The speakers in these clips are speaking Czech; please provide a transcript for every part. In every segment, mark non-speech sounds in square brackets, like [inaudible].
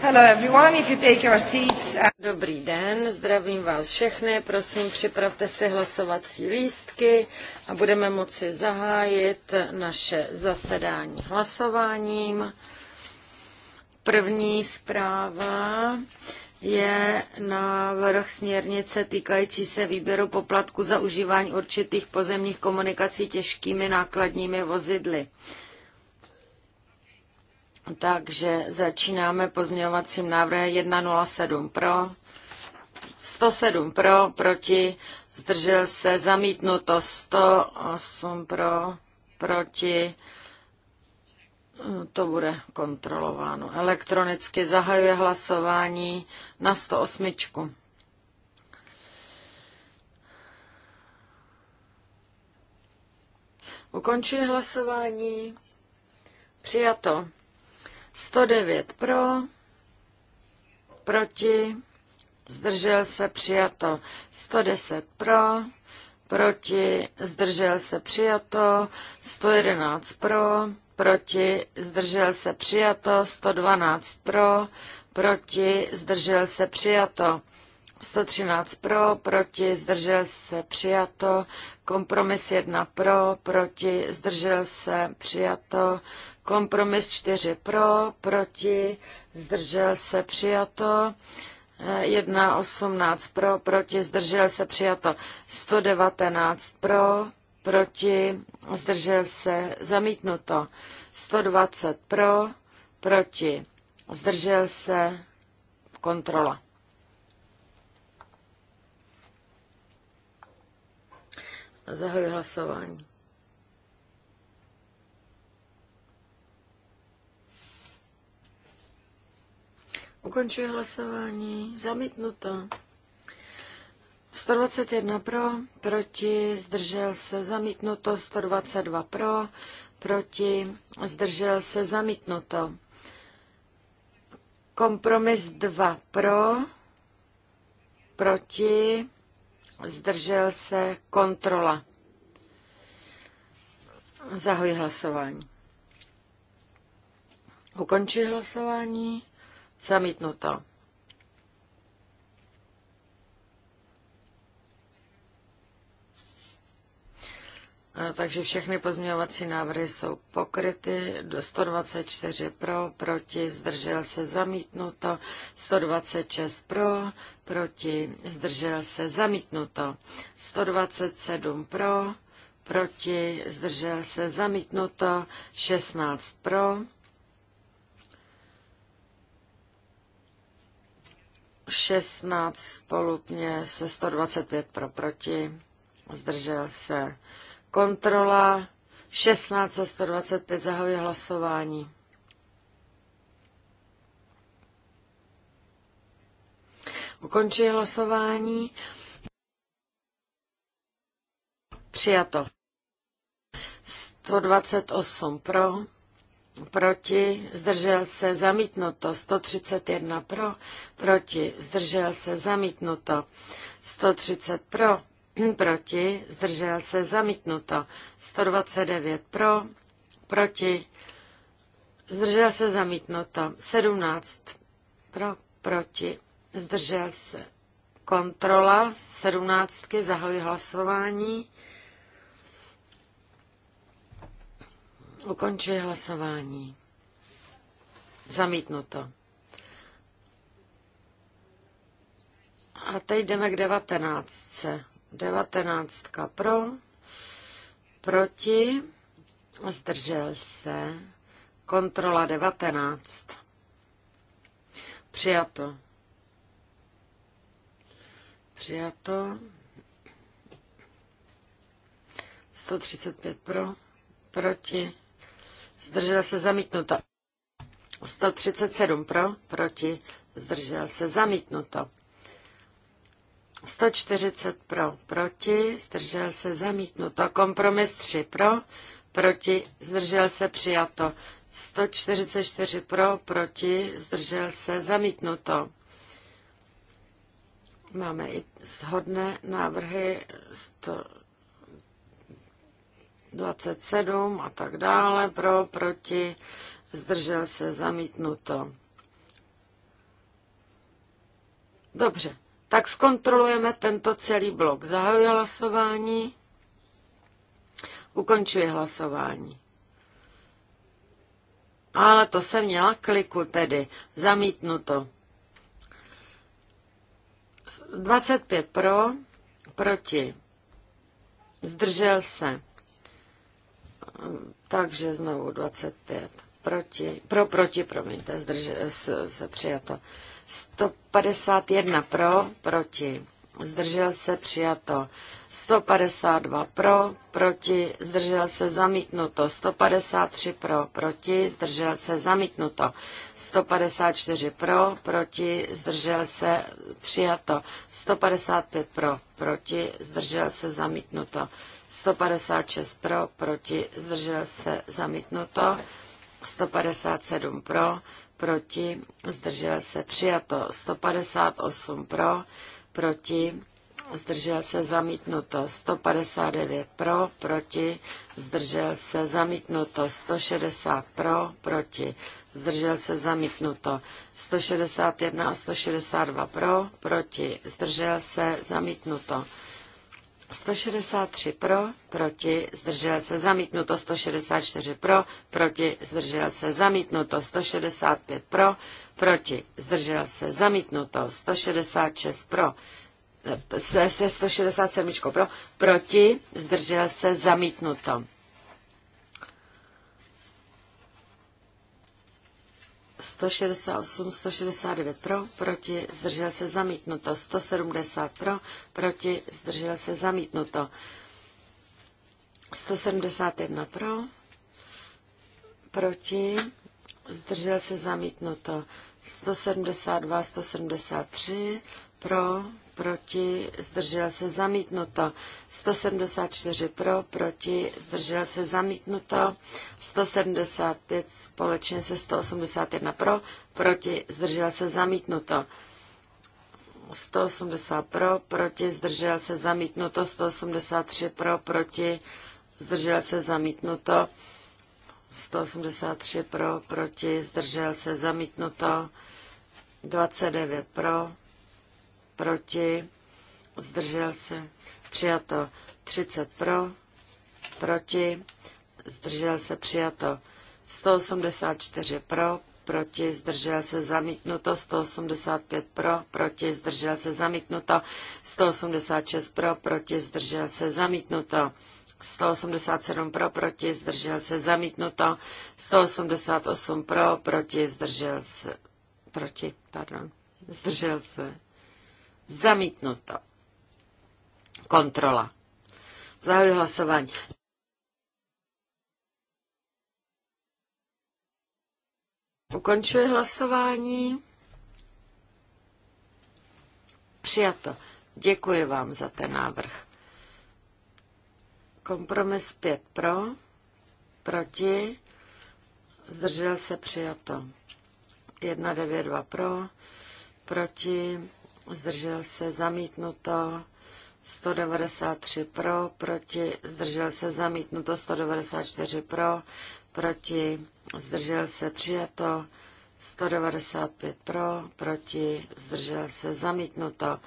Hello everyone, if you take your seats. Uh, Dobrý den, zdravím vás všechny, prosím připravte si hlasovací lístky a budeme moci zahájit naše zasedání hlasováním. První zpráva je návrh směrnice týkající se výběru poplatku za užívání určitých pozemních komunikací těžkými nákladními vozidly. Takže začínáme pozměňovacím návrhem 107 pro, 107 pro, proti, zdržel se, zamítnuto 108 pro, proti, to bude kontrolováno. Elektronicky zahajuje hlasování na 108. Ukončuji hlasování. Přijato. 109 pro, proti, zdržel se přijato. 110 pro, proti, zdržel se přijato. 111 pro, proti, zdržel se přijato. 112 pro, proti, zdržel se přijato. 113 pro, proti, zdržel se, přijato. Kompromis 1 pro, proti, zdržel se, přijato. Kompromis 4 pro, proti, zdržel se přijato. 1.18 pro, proti, zdržel se přijato. 119 pro, proti, zdržel se zamítnuto. 120 pro, proti, zdržel se kontrola. Zahajuji hlasování. Ukončuji hlasování. Zamítnuto. 121 pro, proti, zdržel se, zamítnuto. 122 pro, proti, zdržel se, zamítnuto. Kompromis 2 pro, proti, zdržel se, kontrola. Zahoji hlasování. Ukončuji hlasování. Zamítnuto. Takže všechny pozměňovací návrhy jsou pokryty. Do 124 pro, proti, zdržel se zamítnuto. 126 pro, proti, zdržel se zamítnuto. 127 pro, proti, zdržel se zamítnuto. 16 pro, 16 spolupně se 125 pro proti, zdržel se kontrola, 16 se 125 zahově hlasování. Ukončuji hlasování. Přijato. 128 pro, proti, zdržel se, zamítnuto, 131 pro, proti, zdržel se, zamítnuto, 130 [clears throat] pro, proti, zdržel se, zamítnuto, 129 pro, proti, zdržel se, zamítnuto, 17 pro, proti, zdržel se, kontrola, 17, Zahoj hlasování, Ukončuji hlasování. Zamítnuto. A teď jdeme k devatenáctce. Devatenáctka pro, proti, zdržel se, kontrola devatenáct. Přijato. Přijato. 135 pro, proti, zdržel se zamítnuto. 137 pro, proti, zdržel se zamítnuto. 140 pro, proti, zdržel se zamítnuto. Kompromis 3 pro, proti, zdržel se přijato. 144 pro, proti, zdržel se zamítnuto. Máme i shodné návrhy 100. 27 a tak dále, pro, proti, zdržel se, zamítnuto. Dobře, tak zkontrolujeme tento celý blok. Zahajuje hlasování, ukončuje hlasování. Ale to jsem měla kliku tedy, zamítnuto. 25 pro, proti, zdržel se takže znovu 25 proti, pro, proti, promiňte, zdrž, se, se přijato. 151 pro, proti, zdržel se přijato 152 pro, proti, zdržel se zamítnuto 153 pro, proti, zdržel se zamítnuto 154 pro, proti, zdržel se přijato 155 pro, proti, zdržel se zamítnuto 156 pro, proti, zdržel se zamítnuto 157 pro, proti, zdržel se přijato 158 pro, proti, zdržel se zamítnuto 159 pro, proti, zdržel se zamítnuto 160 pro, proti, zdržel se zamítnuto 161 a 162 pro, proti, zdržel se zamítnuto 163 pro, proti, zdržel se zamítnuto, 164 pro, proti, zdržel se zamítnuto, 165 pro, proti, zdržel se zamítnuto, 166 pro, eh, se, se 167 pro, proti, zdržel se zamítnuto. 168, 169 pro, proti, zdržel se zamítnuto. 170 pro, proti, zdržel se zamítnuto. 171 pro, proti, zdržel se zamítnuto. 172, 173 pro, proti, zdržel se zamítnuto. 174 pro, proti, zdržel se zamítnuto. 175 společně se 181 pro, proti, zdržel se zamítnuto. 180 pro, proti, zdržel se zamítnuto. 183 pro, proti, zdržel se zamítnuto. 183 pro, proti, zdržel se zamítnuto. 29 pro, proti, zdržel se, přijato 30 pro, proti, zdržel se, přijato 184 pro, proti, zdržel se, zamítnuto 185 pro, proti, zdržel se, zamítnuto 186 pro, proti, zdržel se, zamítnuto 187 pro, proti, zdržel se, zamítnuto 188 pro, proti, zdržel se, proti, pardon, zdržel se, Zamítnuto. Kontrola. Zahajuji hlasování. Ukončuji hlasování. Přijato. Děkuji vám za ten návrh. Kompromis 5 pro, proti, zdržel se přijato. dva pro, proti, zdržel se zamítnuto 193 pro, proti, zdržel se zamítnuto 194 pro, proti, zdržel se přijato 195 pro, proti, zdržel se zamítnuto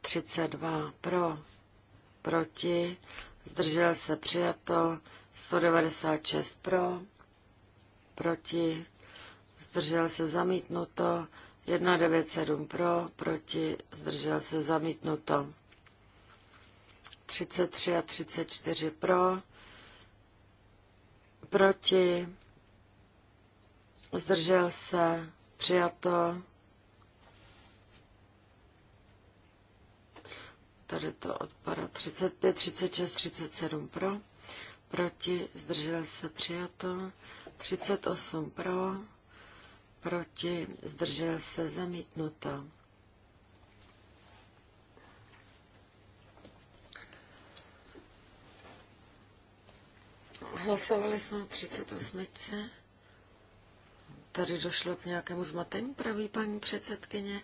32 pro, proti, zdržel se přijato 196 pro, proti, zdržel se zamítnuto 197 pro, proti, zdržel se zamítnuto. 33 a 34 pro, proti, zdržel se, přijato. Tady to odpada 35, 36, 37 pro, proti, zdržel se, přijato. 38 pro, proti, zdržel se, zamítnuto. Hlasovali jsme o 38. Tady došlo k nějakému zmatení, praví paní předsedkyně.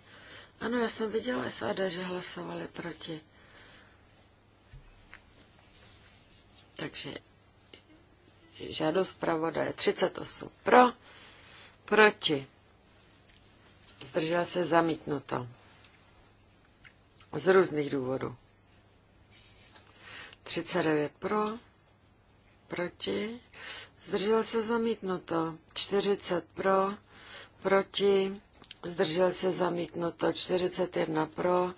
Ano, já jsem viděla SAD, že hlasovali proti. Takže žádost je 38 pro, Proti. Zdržel se zamítnuto. Z různých důvodů. 39 pro, proti, zdržel se zamítnuto. 40 pro, proti, zdržel se zamítnuto. 41 pro,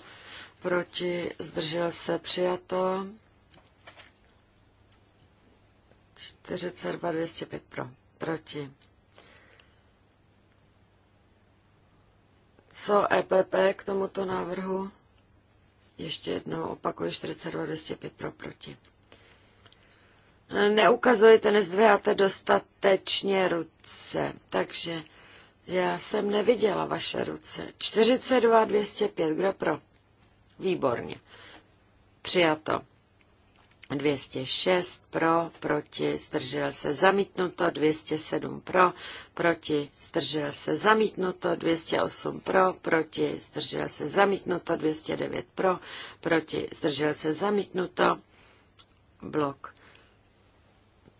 proti, zdržel se přijato. 42, 205 pro, proti Co EPP k tomuto návrhu? Ještě jednou opakuji 42, 205 pro proti. Neukazujete, nezdvíháte dostatečně ruce, takže já jsem neviděla vaše ruce. 42, 205, kdo pro? Výborně. Přijato. 206 pro, proti, zdržel se zamítnuto, 207 pro, proti, zdržel se zamítnuto, 208 pro, proti, zdržel se zamítnuto, 209 pro, proti, zdržel se zamítnuto, blok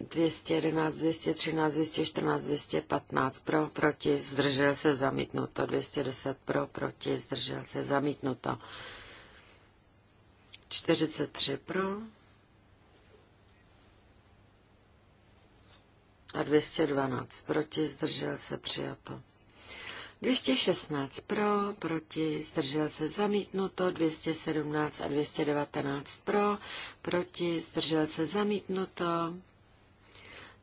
211, 213, 214, 215 pro, proti, zdržel se zamítnuto, 210 pro, proti, zdržel se zamítnuto, 43 pro, a 212 proti, zdržel se přijato. 216 pro, proti, zdržel se zamítnuto, 217 a 219 pro, proti, zdržel se zamítnuto,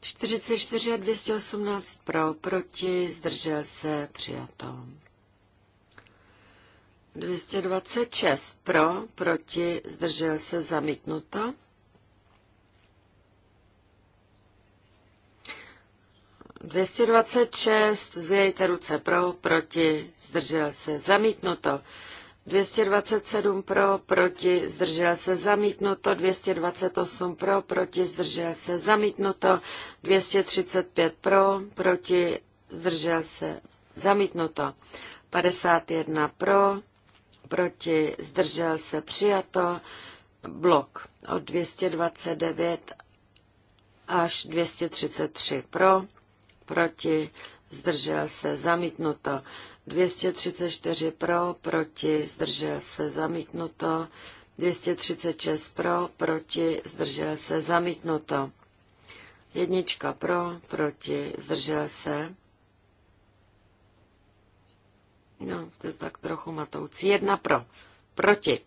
44 a 218 pro, proti, zdržel se přijato. 226 pro, proti, zdržel se zamítnuto. 226, zvějte ruce pro, proti, zdržel se, zamítnuto. 227 pro, proti, zdržel se, zamítnuto. 228 pro, proti, zdržel se, zamítnuto. 235 pro, proti, zdržel se, zamítnuto. 51 pro, proti, zdržel se, přijato. Blok od 229 až 233 pro, proti, zdržel se, zamítnuto. 234 pro, proti, zdržel se, zamítnuto. 236 pro, proti, zdržel se, zamítnuto. Jednička pro, proti, zdržel se. No, to je tak trochu matoucí. Jedna pro, proti,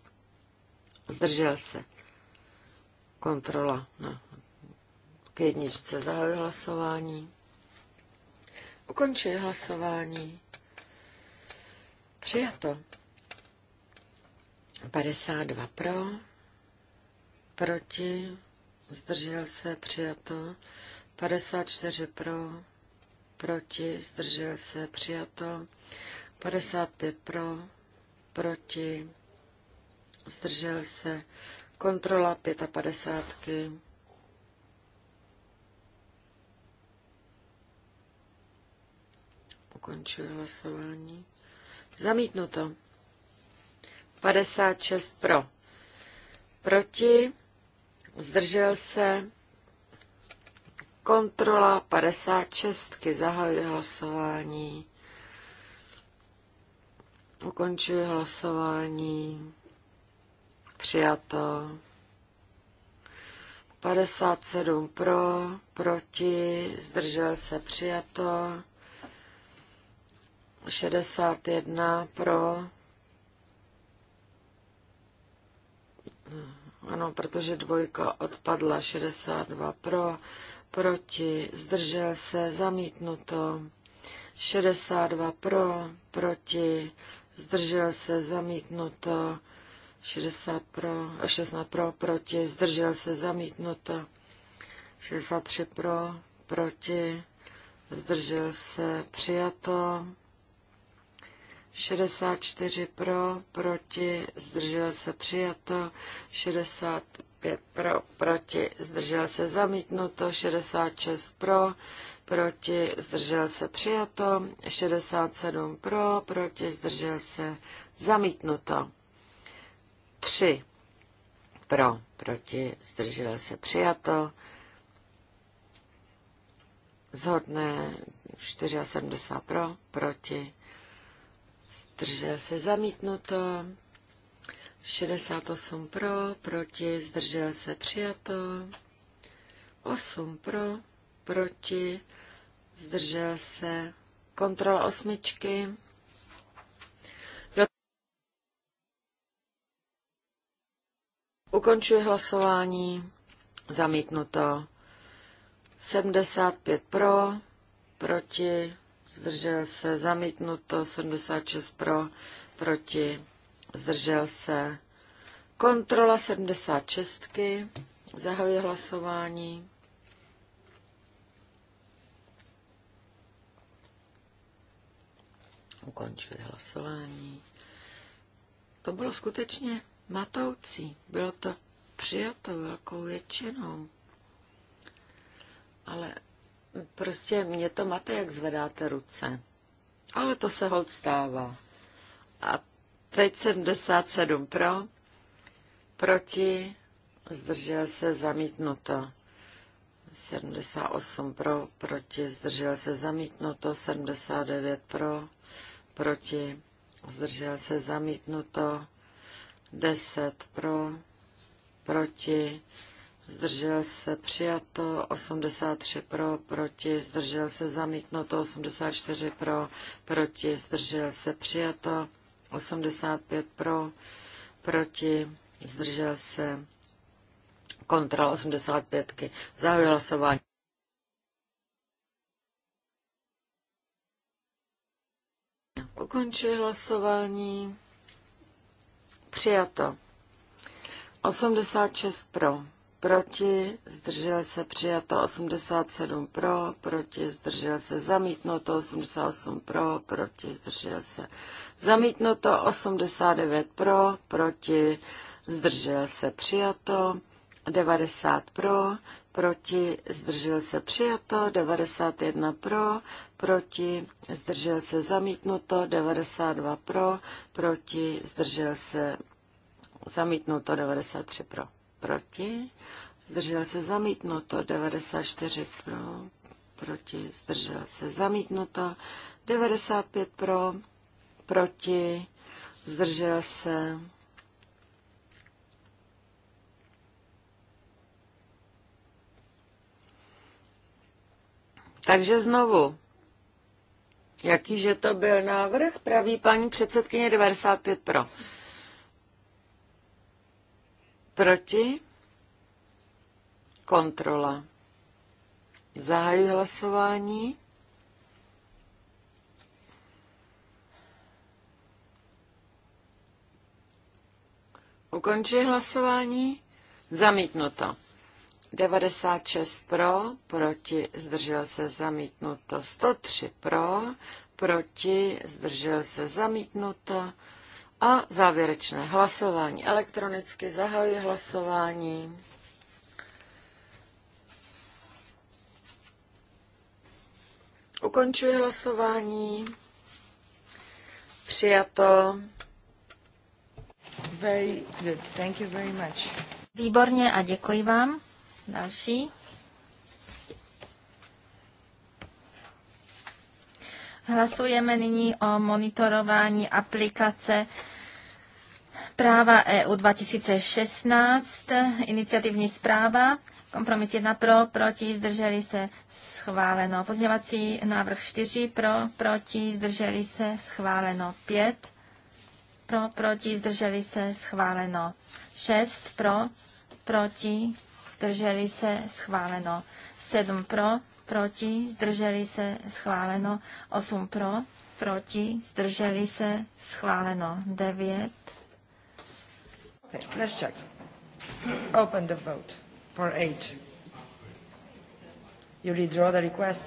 zdržel se. Kontrola. No. K jedničce zahajuji hlasování. Ukončuji hlasování. Přijato. 52 pro, proti, zdržel se, přijato. 54 pro, proti, zdržel se, přijato. 55 pro, proti, zdržel se, kontrola 55. Ukončuji hlasování. Zamítnuto. 56 pro. Proti. Zdržel se. Kontrola 56. Zahajuje hlasování. Ukončuji hlasování. Přijato. 57 pro, proti, zdržel se přijato. 61 pro. Ano, protože dvojka odpadla. 62 pro, proti, zdržel se, zamítnuto. 62 pro, proti, zdržel se, zamítnuto. 60 pro, 16 pro, proti, zdržel se, zamítnuto. 63 pro, proti, zdržel se, přijato. 64 pro, proti, zdržel se přijato, 65 pro, proti, zdržel se zamítnuto, 66 pro, proti, zdržel se přijato, 67 pro, proti, zdržel se zamítnuto, 3 pro, proti, zdržel se přijato, zhodné 74 pro, proti, zdržel se zamítnuto, 68 pro, proti, zdržel se přijato, 8 pro, proti, zdržel se kontrola osmičky. Ukončuji hlasování. Zamítnuto. 75 pro, proti, zdržel se, zamítnuto, 76 pro, proti, zdržel se. Kontrola 76. Zahajuji hlasování. Ukončuji hlasování. To bylo skutečně matoucí. Bylo to přijato velkou většinou. Ale Prostě mě to máte, jak zvedáte ruce. Ale to se hod stává. A teď 77 pro, proti, zdržel se zamítnuto. 78 pro, proti, zdržel se zamítnuto, 79 pro, proti, zdržel se zamítnuto, 10 pro, proti, zdržel se přijato, 83 pro, proti, zdržel se zamítnuto, 84 pro, proti, zdržel se přijato, 85 pro, proti, zdržel se kontrol 85. -ky. Zahajuji hlasování. Ukončuji hlasování. Přijato. 86 pro proti, zdržel se přijato 87 pro, proti, zdržel se zamítnuto 88 pro, proti, zdržel se zamítnuto 89 pro, proti, zdržel se přijato 90 pro, proti, zdržel se přijato 91 pro, proti, zdržel se zamítnuto 92 pro, proti, zdržel se zamítnuto 93 pro proti, zdržel se zamítnuto, 94 pro, proti, zdržel se zamítnuto, 95 pro, proti, zdržel se Takže znovu, jakýže to byl návrh, praví paní předsedkyně 95 pro. Proti? Kontrola. Zahajuji hlasování. Ukončuji hlasování. Zamítnuto. 96 pro, proti, zdržel se zamítnuto. 103 pro, proti, zdržel se zamítnuto. A závěrečné hlasování. Elektronicky zahajuji hlasování. Ukončuji hlasování. Přijato. Very good. Thank you very much. Výborně a děkuji vám. Další. Hlasujeme nyní o monitorování aplikace práva EU 2016, iniciativní zpráva, kompromis 1 pro, proti, zdrželi se, schváleno. Pozměvací návrh 4 pro, proti, zdrželi se, schváleno. 5 pro, proti, zdrželi se, schváleno. 6 pro, proti, zdrželi se, schváleno. 7 pro, proti, zdrželi se, schváleno. 8 pro, proti, zdrželi se, schváleno. 9. Okay, let's check. Open the vote for 8. You redraw the request?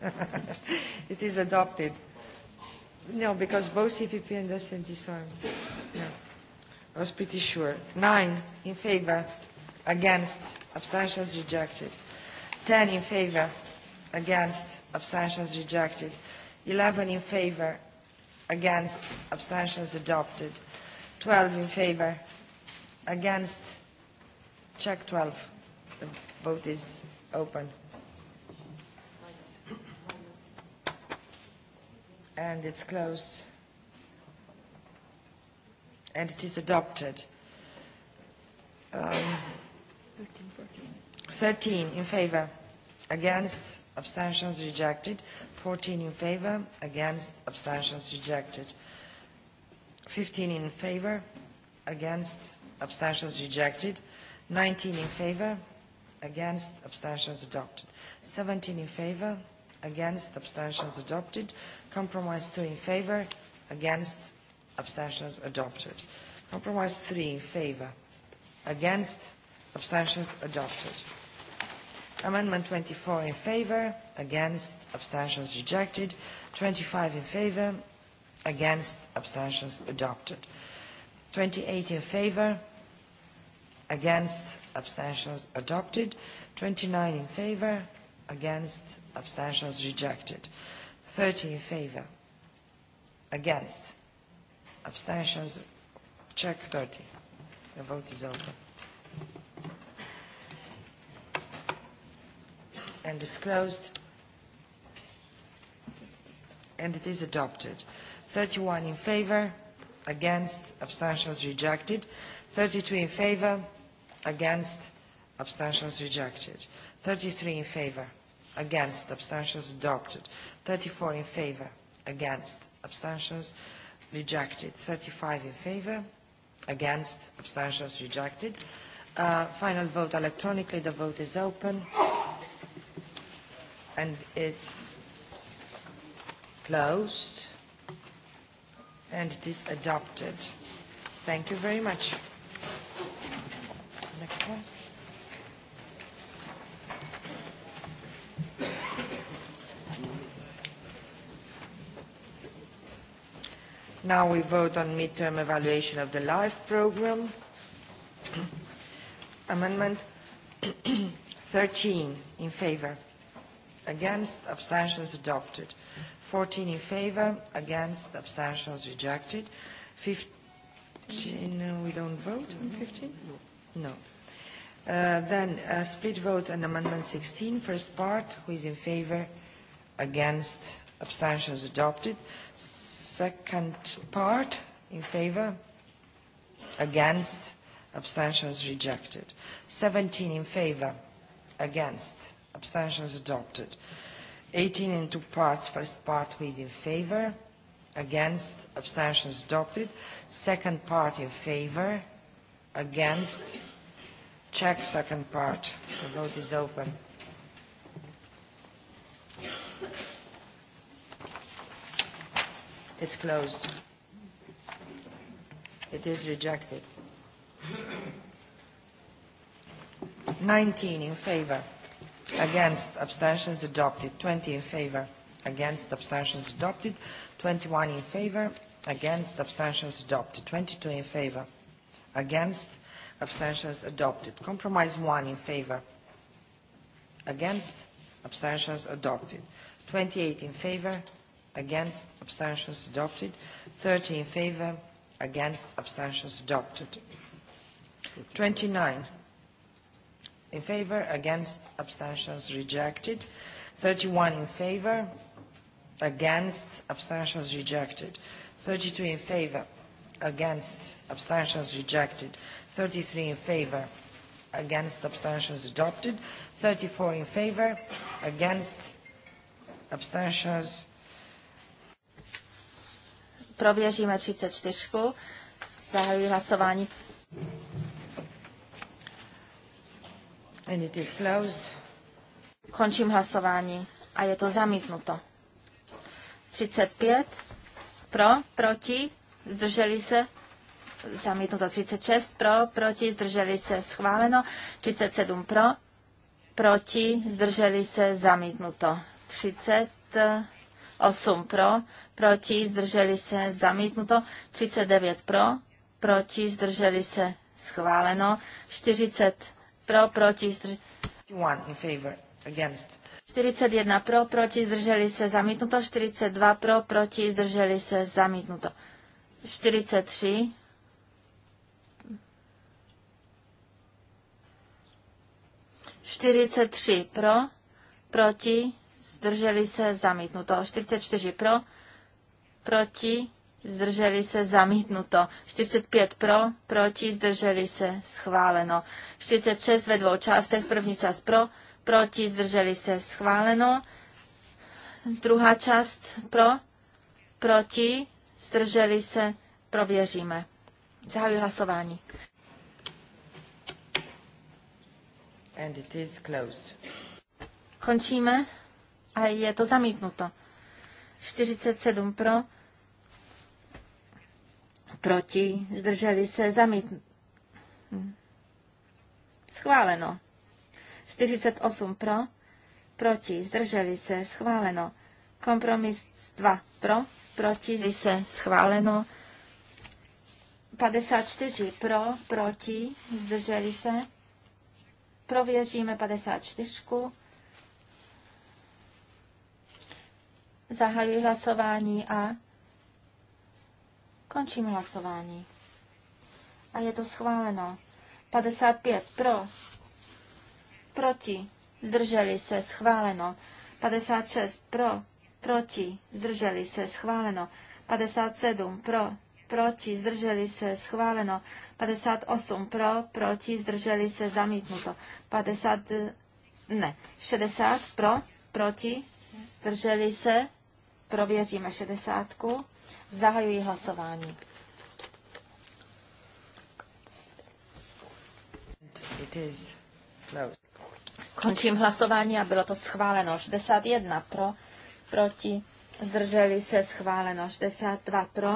[laughs] It is adopted. No, because both CPP and SNT saw him. No. I was pretty sure. Nine in favor, against, abstentions rejected. 10 in favor, against, abstentions rejected. 11 in favor, against, abstentions adopted. 12 in favor, against, check 12. The vote is open. And it's closed. And it is adopted. Um, 13, 14. 13 in favor, against, abstentions rejected. 14 in favor, against, abstentions rejected. 15 in favor, against, abstentions rejected. 19 in favor, against, abstentions adopted. 17 in favor, against, abstentions adopted. Compromise 2 in favor, against, abstentions adopted. Compromise 3 in favor, against, abstentions adopted. Amendment 24 in favor, against, abstentions rejected. 25 in favor, against, abstentions adopted. 28 in favor, against, abstentions adopted. 29 in favor, against, abstentions rejected. 30 in favor, against, abstentions, check 30. The vote is over. And it's closed. And it is adopted. 31 in favor, against, abstentions rejected. 32 in favor, against, abstentions rejected. 33 in favor, against, abstentions adopted. 34 in favor, against, abstentions rejected. 35 in favor, against, abstentions rejected. Uh, final vote electronically. The vote is open and it's closed and it is adopted. Thank you very much. Next one. Now we vote on midterm evaluation of the LIFE program. [clears throat] Amendment 13 [clears throat] in favor against, abstentions adopted. 14 in favor, against, abstentions rejected. 15, uh, we don't vote on 15? No. Uh, then a uh, split vote on Amendment 16, first part, who is in favor, against, abstentions adopted. Second part, in favor, against, abstentions rejected. 17 in favor, against, abstentions adopted. 18 in two parts, first part with in favor, against, abstentions adopted. Second part in favor, against, check second part. The vote is open. It's closed. It is rejected. 19 in favor against abstentions adopted 20 in favor against abstentions adopted 21 in favor against abstentions adopted 22 in favor against abstentions adopted compromise 1 in favor against abstentions adopted 28 in favor against abstentions adopted 30 in favor against abstentions adopted 29 in favor, against, abstentions rejected. 31 in favor, against, abstentions rejected. 32 in favor, against, abstentions rejected. 33 in favor, against, abstentions adopted. 34 in favor, against, abstentions. Prověříme 34. Zahajuji hlasování. Končím hlasování a je to zamítnuto. 35 pro, proti, zdrželi se, zamítnuto 36 pro, proti, zdrželi se, schváleno, 37 pro, proti, zdrželi se, zamítnuto, 38 pro, proti, zdrželi se, zamítnuto, 39 pro, proti, zdrželi se, schváleno, 40 pro, proti, zdrželi 41 pro, proti, zdrželi se, zamítnuto. 42 pro, proti, zdrželi se, zamítnuto. 43 43 pro, proti, zdrželi se, zamítnuto. 44 pro, proti, zdrželi se zamítnuto. 45 pro, proti, zdrželi se schváleno. 46 ve dvou částech, první část pro, proti, zdrželi se schváleno. Druhá část pro, proti, zdrželi se, prověříme. Zahajuji hlasování. And it is closed. Končíme a je to zamítnuto. 47 pro, proti, zdrželi se, zamít. Schváleno. 48 pro, proti, zdrželi se, schváleno. Kompromis 2 pro, proti, zdrželi se, schváleno. 54 pro, proti, zdrželi se. Prověříme 54. Zahajuji hlasování a Končím hlasování. A je to schváleno. 55 pro, proti, zdrželi se, schváleno. 56 pro, proti, zdrželi se, schváleno. 57 pro, proti, zdrželi se, schváleno. 58 pro, proti, zdrželi se, zamítnuto. 50, ne, 60 pro, proti, zdrželi se, prověříme 60. Zahajuji hlasování. No. Končím hlasování a bylo to schváleno. 61 pro, proti, zdrželi se schváleno. 62 pro,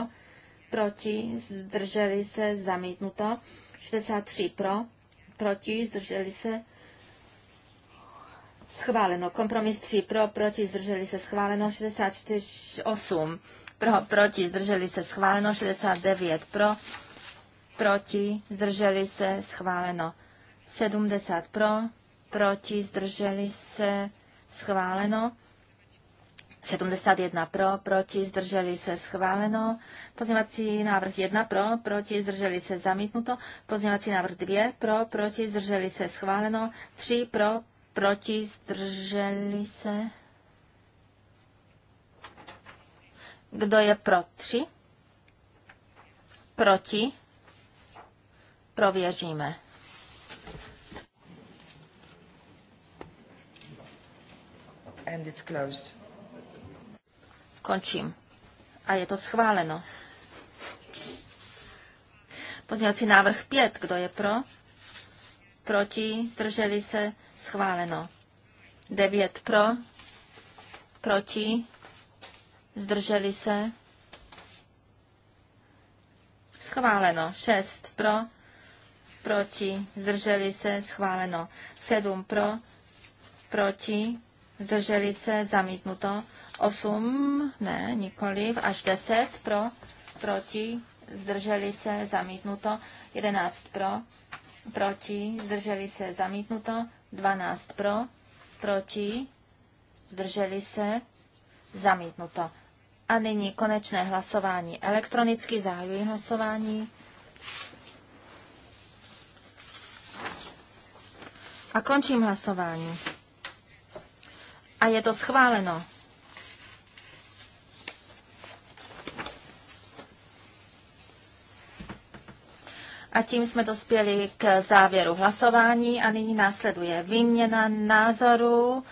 proti, zdrželi se zamítnuto. 63 pro, proti, zdrželi se schváleno. Kompromis 3 pro, proti, zdrželi se schváleno. 64 8 pro, proti, zdrželi se schváleno, 69 pro, proti, zdrželi se schváleno, 70 pro, proti, zdrželi se schváleno, 71 pro, proti, zdrželi se schváleno. Pozměňovací návrh 1 pro, proti, zdrželi se zamítnuto. Pozměňovací návrh 2 pro, proti, zdrželi se schváleno. 3 pro, proti, zdrželi se Kdo je pro tři? Proti? Prověříme. And it's closed. Končím. A je to schváleno. Pozměňovací návrh 5. Kdo je pro? Proti? Zdrželi se? Schváleno. 9 pro? Proti? zdrželi se. Schváleno. 6 pro, proti, zdrželi se, schváleno. 7 pro, proti, zdrželi se, zamítnuto. 8, ne, nikoliv, až 10 pro, proti, zdrželi se, zamítnuto. 11 pro, proti, zdrželi se, zamítnuto. 12 pro, proti, zdrželi se, zamítnuto. A nyní konečné hlasování. Elektronicky zahajuji hlasování. A končím hlasování. A je to schváleno. A tím jsme dospěli k závěru hlasování a nyní následuje výměna názorů.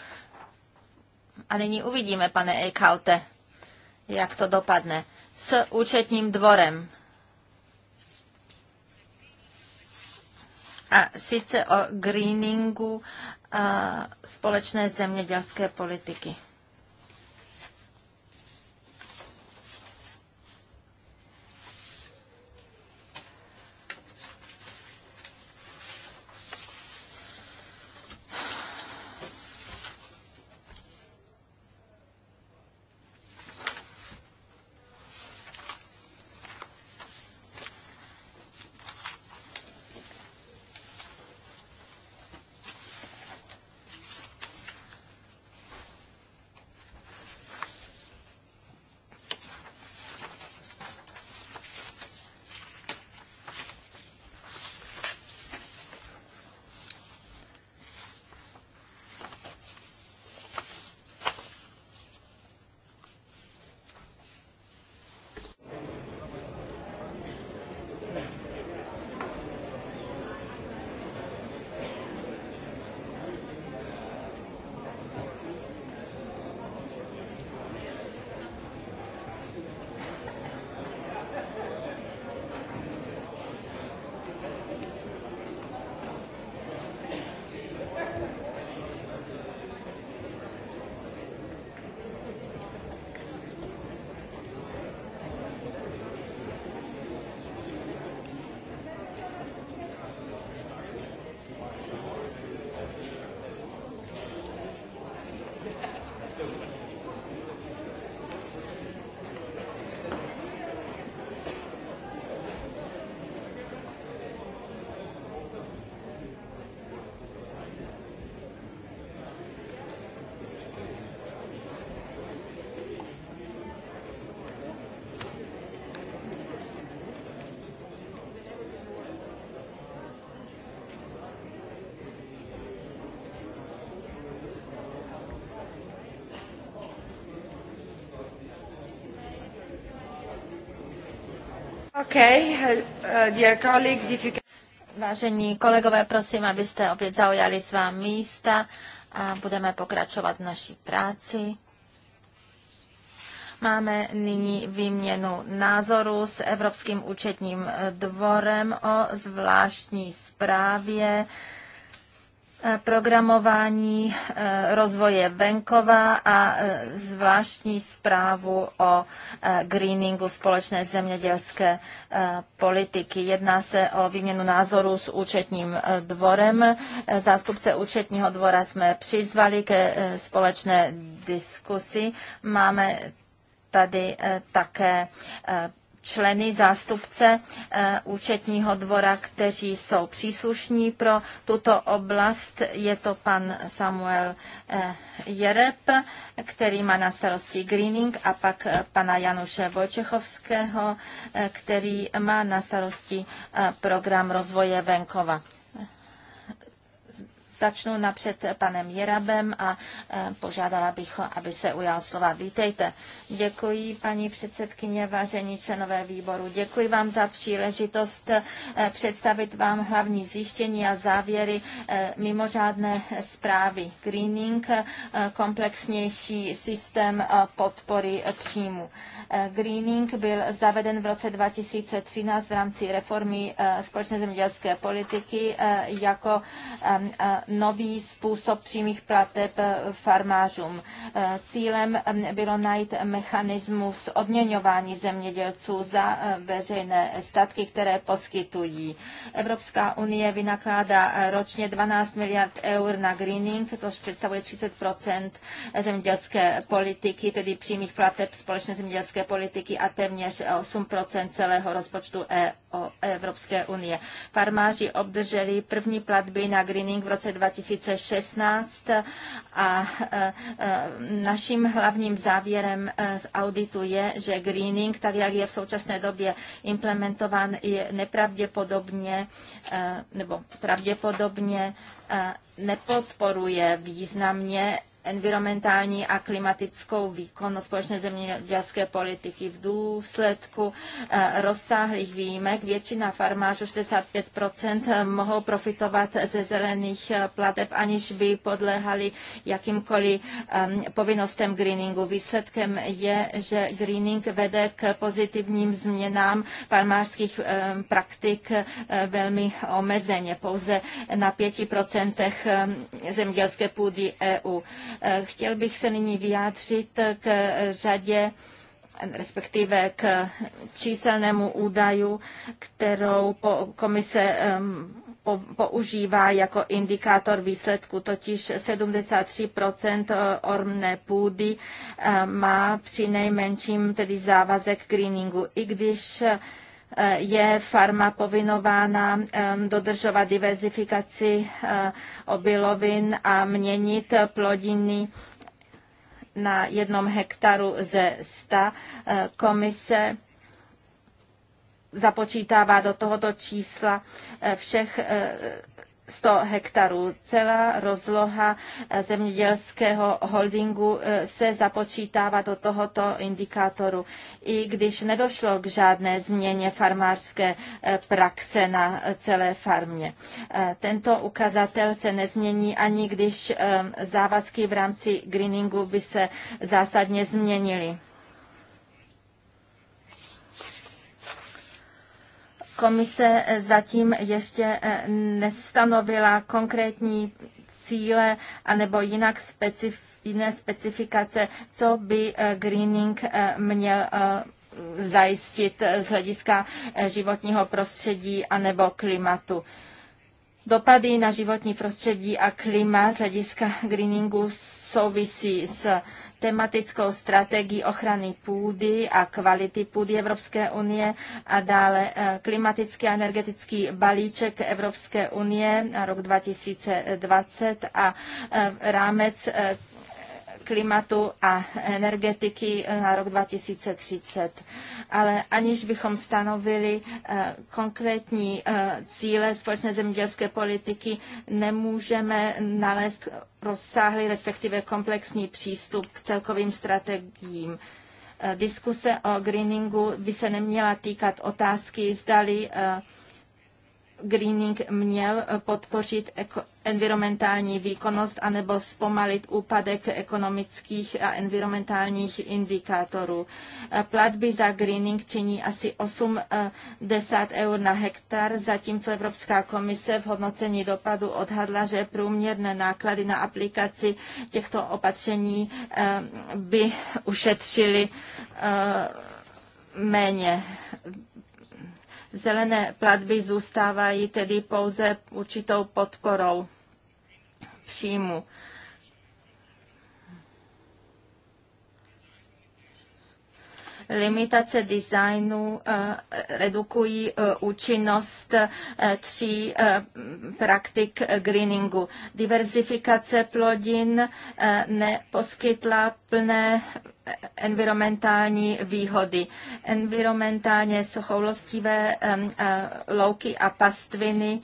A nyní uvidíme, pane Eichaute jak to dopadne s účetním dvorem. A sice o greeningu společné zemědělské politiky. Uh, uh, Vážení kolegové, prosím, abyste opět zaujali svá místa a budeme pokračovat v naší práci. Máme nyní výměnu názoru s Evropským účetním dvorem o zvláštní zprávě Eh, programování eh, rozvoje venkova a eh, zvláštní zprávu o greeningu společné zemědělské politiky. Jedná se o výměnu názorů s účetním dvorem. Zástupce účetního dvora jsme přizvali ke společné diskusi. Máme tady také členy, zástupce eh, účetního dvora, kteří jsou příslušní pro tuto oblast. Je to pan Samuel eh, Jereb, který má na starosti greening a pak eh, pana Januše Vojčechovského, který má na starosti program rozvoje venkova. Začnu napřed panem Jerabem a e, požádala bych ho, aby se ujal slova. Vítejte. Děkuji, paní předsedkyně, vážení členové výboru. Děkuji vám za příležitost e, představit vám hlavní zjištění a závěry e, mimořádné zprávy Greening, komplexnější systém podpory příjmu. Greening byl zaveden v roce 2013 v rámci reformy společné zemědělské politiky jako nový způsob přímých plateb farmářům. Eh, Cílem mm, bylo najít mechanismus odměňování zemědělců za eh, veřejné statky, které poskytují. Evropská unie vynakládá eh, ročně 12 miliard eur na greening, což představuje 30 zemědělské politiky, tedy přímých plateb společné zemědělské politiky a téměř 8 celého rozpočtu EU. Evropské unie. Farmáři obdrželi první platby na greening v roce 2016 a e, e, naším hlavním závěrem e, z auditu je, že greening, tak jak je v současné době implementován, je nepravděpodobně nebo pravděpodobně nepodporuje významně environmentální a klimatickou výkonnost společné zemědělské politiky. V důsledku eh, rozsáhlých výjimek většina farmářů, 65 eh, mohou profitovat ze zelených eh, plateb, aniž by podléhali jakýmkoliv ehm, povinnostem greeningu. Výsledkem je, že greening vede k pozitivním změnám farmářských ehm, praktik velmi omezeně. Pouze na 5 ehm, zemědělské půdy EU. Eh, chtěl bych se nyní vyjádřit k řadě respektive k číselnému údaju, kterou komise používá jako indikátor výsledku, totiž 73 ormné půdy eh, má při nejmenším tedy závazek greeningu, i když Eh, je farma povinována dodržovat diverzifikaci eh, obilovin a měnit plodiny na jednom hektaru ze 100. Eh, komise započítává do tohoto čísla všech 100 hektarů. Celá rozloha eh, zemědělského holdingu eh, se započítává do tohoto indikátoru, i když nedošlo k žádné změně farmářské eh, praxe na celé farmě. Tento ukazatel se nezmění, ani když závazky v rámci greeningu by se zásadně změnily. Komise eh, zatím ještě eh, nestanovila konkrétní cíle anebo jinak specif, jiné specifikace, co by eh, greening měl zajistit z hlediska životního prostředí anebo klimatu. Dopady na životní prostředí a klima z hlediska greeningu souvisí s tematickou strategii ochrany půdy a kvality půdy Evropské unie a dále eh, klimatický a energetický balíček Evropské unie na rok 2020 a eh, rámec eh, klimatu a energetiky eh, na rok 2030. Ale aniž bychom stanovili eh, konkrétní eh, cíle společné zemědělské politiky, nemůžeme nalézt rozsáhlý, respektive komplexní přístup k celkovým strategiím diskuse o greeningu by se neměla týkat otázky, zdali greening měl podpořit environmentální výkonnost anebo zpomalit úpadek ekonomických a environmentálních indikátorů. Eh, platby za greening činí asi 80 eur na hektar, zatímco Evropská komise v hodnocení dopadu odhadla, že průměrné náklady na aplikaci těchto opatření eh, by ušetřili eh, méně Zelené platby zůstávají tedy pouze určitou podporou příjmu. limitace designu eh, redukují eh, účinnost eh, tří praktik greeningu. Diverzifikace plodin neposkytla plné environmentální výhody. Environmentálně souchoulostivé louky a pastviny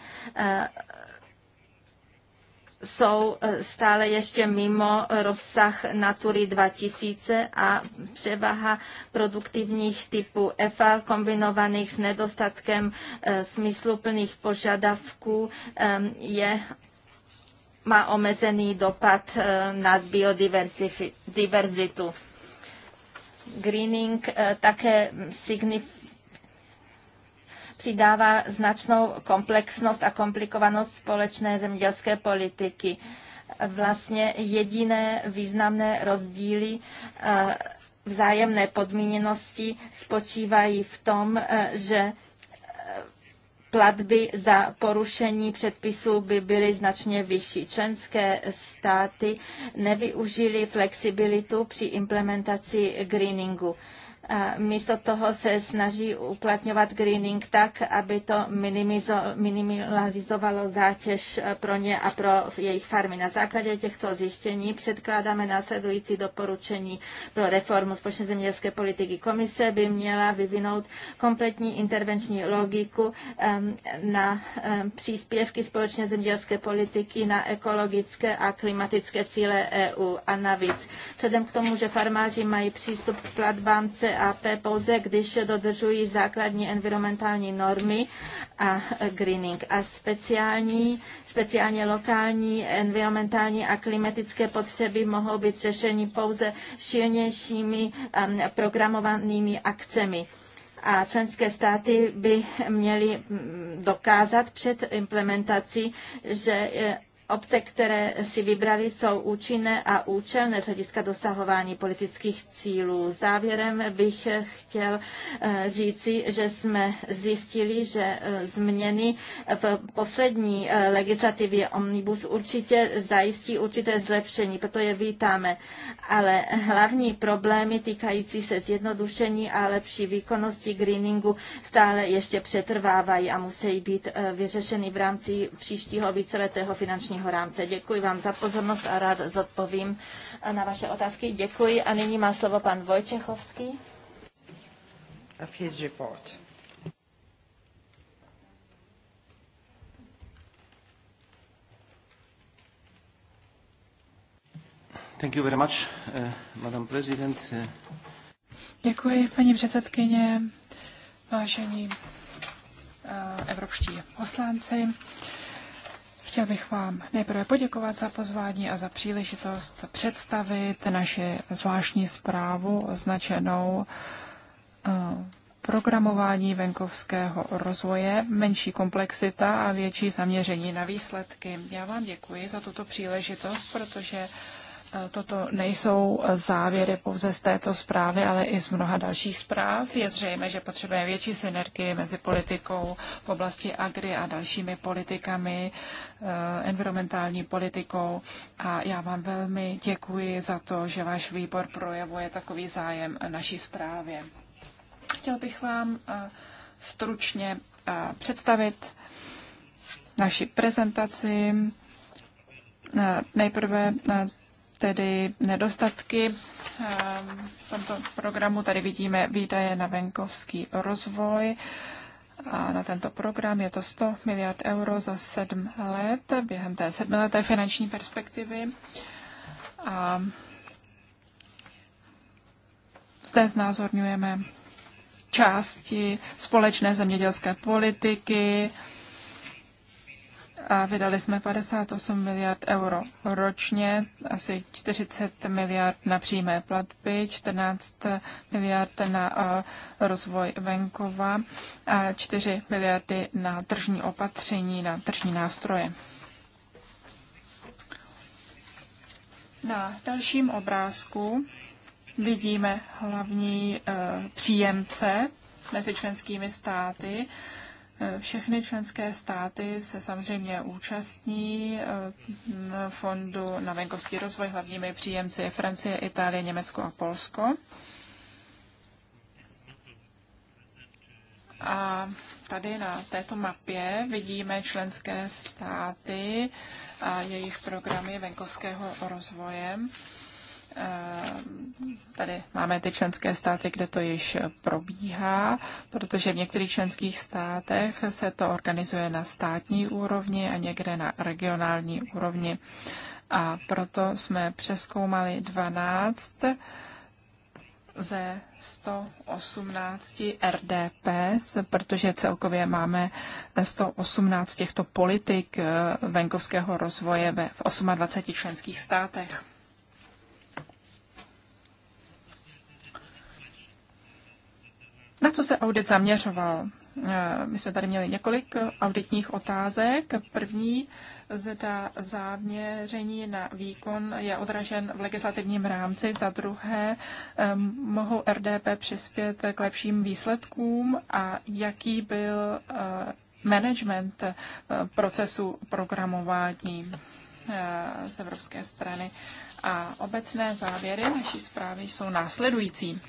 jsou eh, stále ještě mimo rozsah Natury 2000 a převaha produktivních typů EFA kombinovaných s nedostatkem eh, smysluplných požadavků eh, je má omezený dopad na biodiverzitu. Greening také signif- přidává značnou komplexnost a komplikovanost společné zemědělské politiky. Vlastně jediné významné rozdíly eh, vzájemné podmíněnosti spočívají v tom, eh, že eh, platby za porušení předpisů by byly značně vyšší. Členské státy nevyužily flexibilitu při implementaci greeningu místo toho se snaží uplatňovat greening tak, aby to minimalizovalo zátěž pro ně a pro jejich farmy. Na základě těchto zjištění předkládáme následující doporučení pro reformu společné zemědělské politiky. Komise by měla vyvinout kompletní intervenční logiku na příspěvky společné zemědělské politiky na ekologické a klimatické cíle EU a navíc. Vzhledem k tomu, že farmáři mají přístup k platbám PAP pouze, když dodržují základní environmentální normy a greening. A speciální, speciálně lokální environmentální a klimatické potřeby mohou být řešeny pouze silnějšími um, programovanými akcemi a členské státy by měly mm, dokázat před implementací, že eh, Obce, které si vybrali, jsou účinné a účelné z hlediska dosahování politických cílů. Závěrem bych chtěl eh, říci, že jsme zjistili, že eh, změny v poslední eh, legislativě Omnibus určitě zajistí určité zlepšení, proto je vítáme. Ale hlavní problémy týkající se zjednodušení a lepší výkonnosti greeningu stále ještě přetrvávají a musí být vyřešeny v rámci příštího víceletého finančního právního rámce. Děkuji vám za pozornost a rád zodpovím na vaše otázky. Děkuji a nyní má slovo pan Vojčechovský. Of his report. Thank you very much, uh, Madam President. Děkuji, paní předsedkyně, vážení uh, evropští poslanci. Chtěl bych vám nejprve poděkovat za pozvání a za příležitost představit naši zvláštní zprávu označenou eh, programování venkovského rozvoje, menší komplexita a větší zaměření na výsledky. Já vám děkuji za tuto příležitost, protože Eh, toto nejsou závěry pouze z této zprávy, ale i z mnoha dalších zpráv. Je zřejmé, že potřebujeme větší synergii mezi politikou v oblasti agri a dalšími politikami, eh, environmentální politikou. A já vám velmi děkuji za to, že váš výbor projevuje takový zájem naší zprávě. Chtěl bych vám eh, stručně představit naši prezentaci. Nejprve tedy nedostatky ehm, v tomto programu. Tady vidíme výdaje na venkovský rozvoj. A na tento program je to 100 miliard euro za sedm let během té sedmileté finanční perspektivy. A zde znázorňujeme části společné zemědělské politiky, a vydali jsme 58 miliard euro ročně, asi 40 miliard na přímé platby, 14 miliard na rozvoj venkova a 4 miliardy na tržní opatření, na tržní nástroje. Na dalším obrázku vidíme hlavní e, příjemce mezi členskými státy. Všechny členské státy se samozřejmě účastní eh, fondu na venkovský rozvoj. Hlavními příjemci je Francie, Itálie, Německo a Polsko. A tady na této mapě vidíme členské státy a jejich programy venkovského rozvoje. Ehm, tady máme ty členské státy, kde to již probíhá, protože v některých členských státech se to organizuje na státní úrovni a někde na regionální úrovni. A proto jsme přeskoumali 12 ze 118 RDP, protože celkově máme 118 těchto politik eh, venkovského rozvoje v 28 členských státech. Na co se audit zaměřoval? Eh, my jsme tady měli několik auditních otázek. První, zda záměření na výkon je odražen v legislativním rámci. Za druhé, eh, mohou RDP přispět k lepším výsledkům a jaký byl eh, management procesu programování z evropské strany. A obecné závěry naší zprávy jsou následující.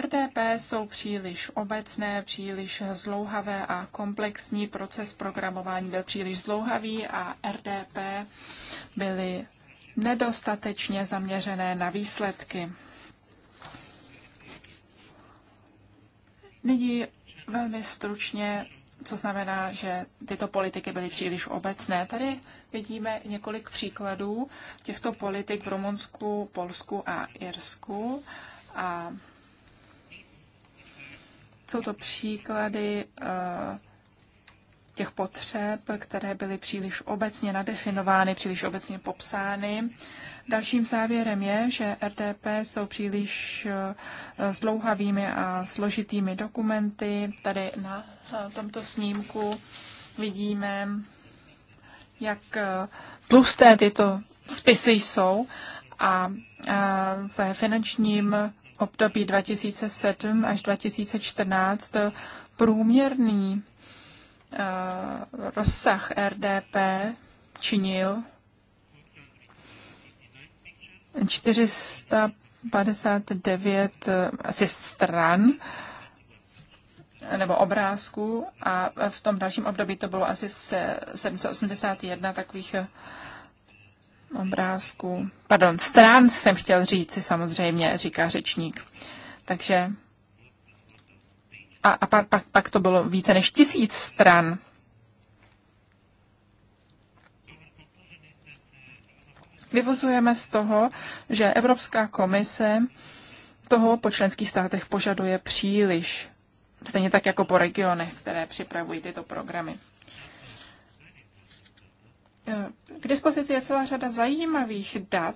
RDP jsou příliš obecné, příliš zlouhavé a komplexní. Proces programování byl příliš zlouhavý a RDP byly nedostatečně zaměřené na výsledky. Nyní velmi stručně, co znamená, že tyto politiky byly příliš obecné. Tady vidíme několik příkladů těchto politik v Rumunsku, Polsku a Irsku. A jsou to příklady eh, těch potřeb, které byly příliš obecně nadefinovány, příliš obecně popsány. Dalším závěrem je, že RDP jsou příliš eh, zdlouhavými a složitými dokumenty. Tady na tomto snímku vidíme, jak eh, tlusté tyto spisy jsou a ve finančním období 2007 až 2014 průměrný eh, rozsah RDP činil 459 eh, asi stran nebo obrázků a v tom dalším období to bylo asi 781 takových eh, obrázků, pardon, stran jsem chtěl si samozřejmě, říká řečník. Takže a, a pak, pak, pak to bylo více než tisíc stran. Vyvozujeme z toho, že Evropská komise toho po členských státech požaduje příliš. Stejně tak jako po regionech, které připravují tyto programy. K dispozici je celá řada zajímavých dat,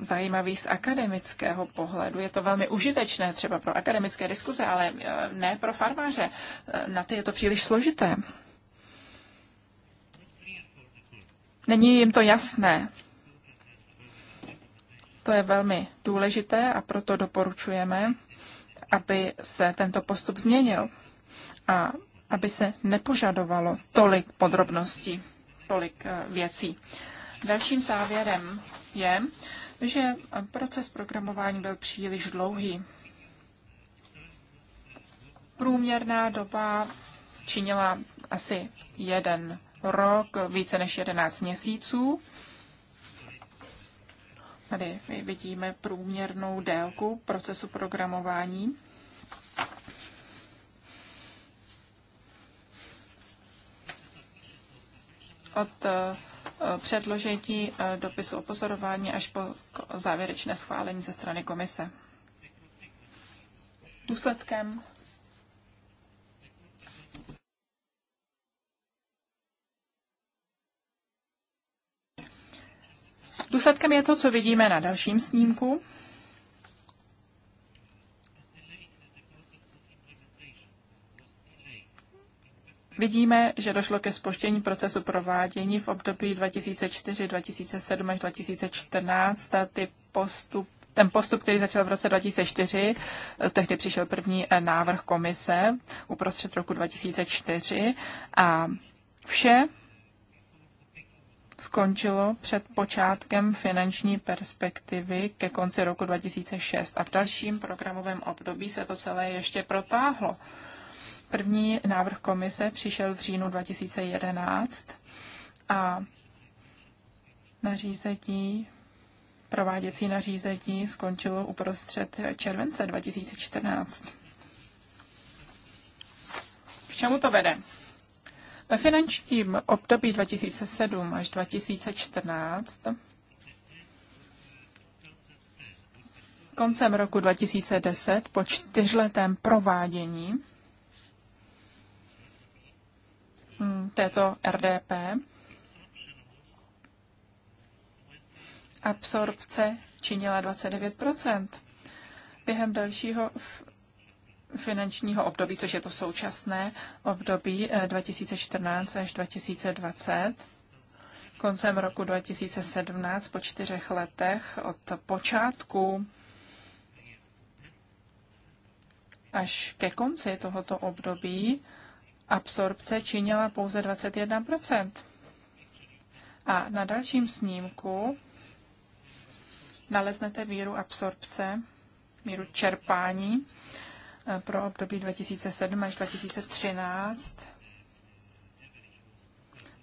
zajímavých z akademického pohledu. Je to velmi užitečné třeba pro akademické diskuze, ale e, ne pro farmáře. E, na ty je to příliš složité. Není jim to jasné. To je velmi důležité a proto doporučujeme, aby se tento postup změnil a aby se nepožadovalo tolik podrobností tolik eh, věcí. Dalším závěrem je, že proces programování byl příliš dlouhý. Průměrná doba činila asi jeden rok, více než 11 měsíců. Tady vidíme průměrnou délku procesu programování. od eh, předložení eh, dopisu o pozorování až po závěrečné schválení ze strany komise. Důsledkem Důsledkem je to, co vidíme na dalším snímku. Vidíme, že došlo ke spoštění procesu provádění v období 2004, 2007 až 2014. Ty postup, ten postup, který začal v roce 2004, tehdy přišel první eh, návrh komise uprostřed roku 2004 a vše skončilo před počátkem finanční perspektivy ke konci roku 2006 a v dalším programovém období se to celé ještě protáhlo. První návrh komise přišel v říjnu 2011 a nařízení, prováděcí nařízení skončilo uprostřed července 2014. K čemu to vede? Ve finančním období 2007 až 2014 koncem roku 2010 po čtyřletém provádění Mm, této RDP. Absorpce činila 29 Během dalšího finančního období, což je to současné období 2014 eh, až 2020, koncem roku 2017 po čtyřech letech od počátku až ke konci tohoto období absorpce činila pouze 21 A na dalším snímku naleznete míru absorpce, míru čerpání eh, pro období 2007 až 2013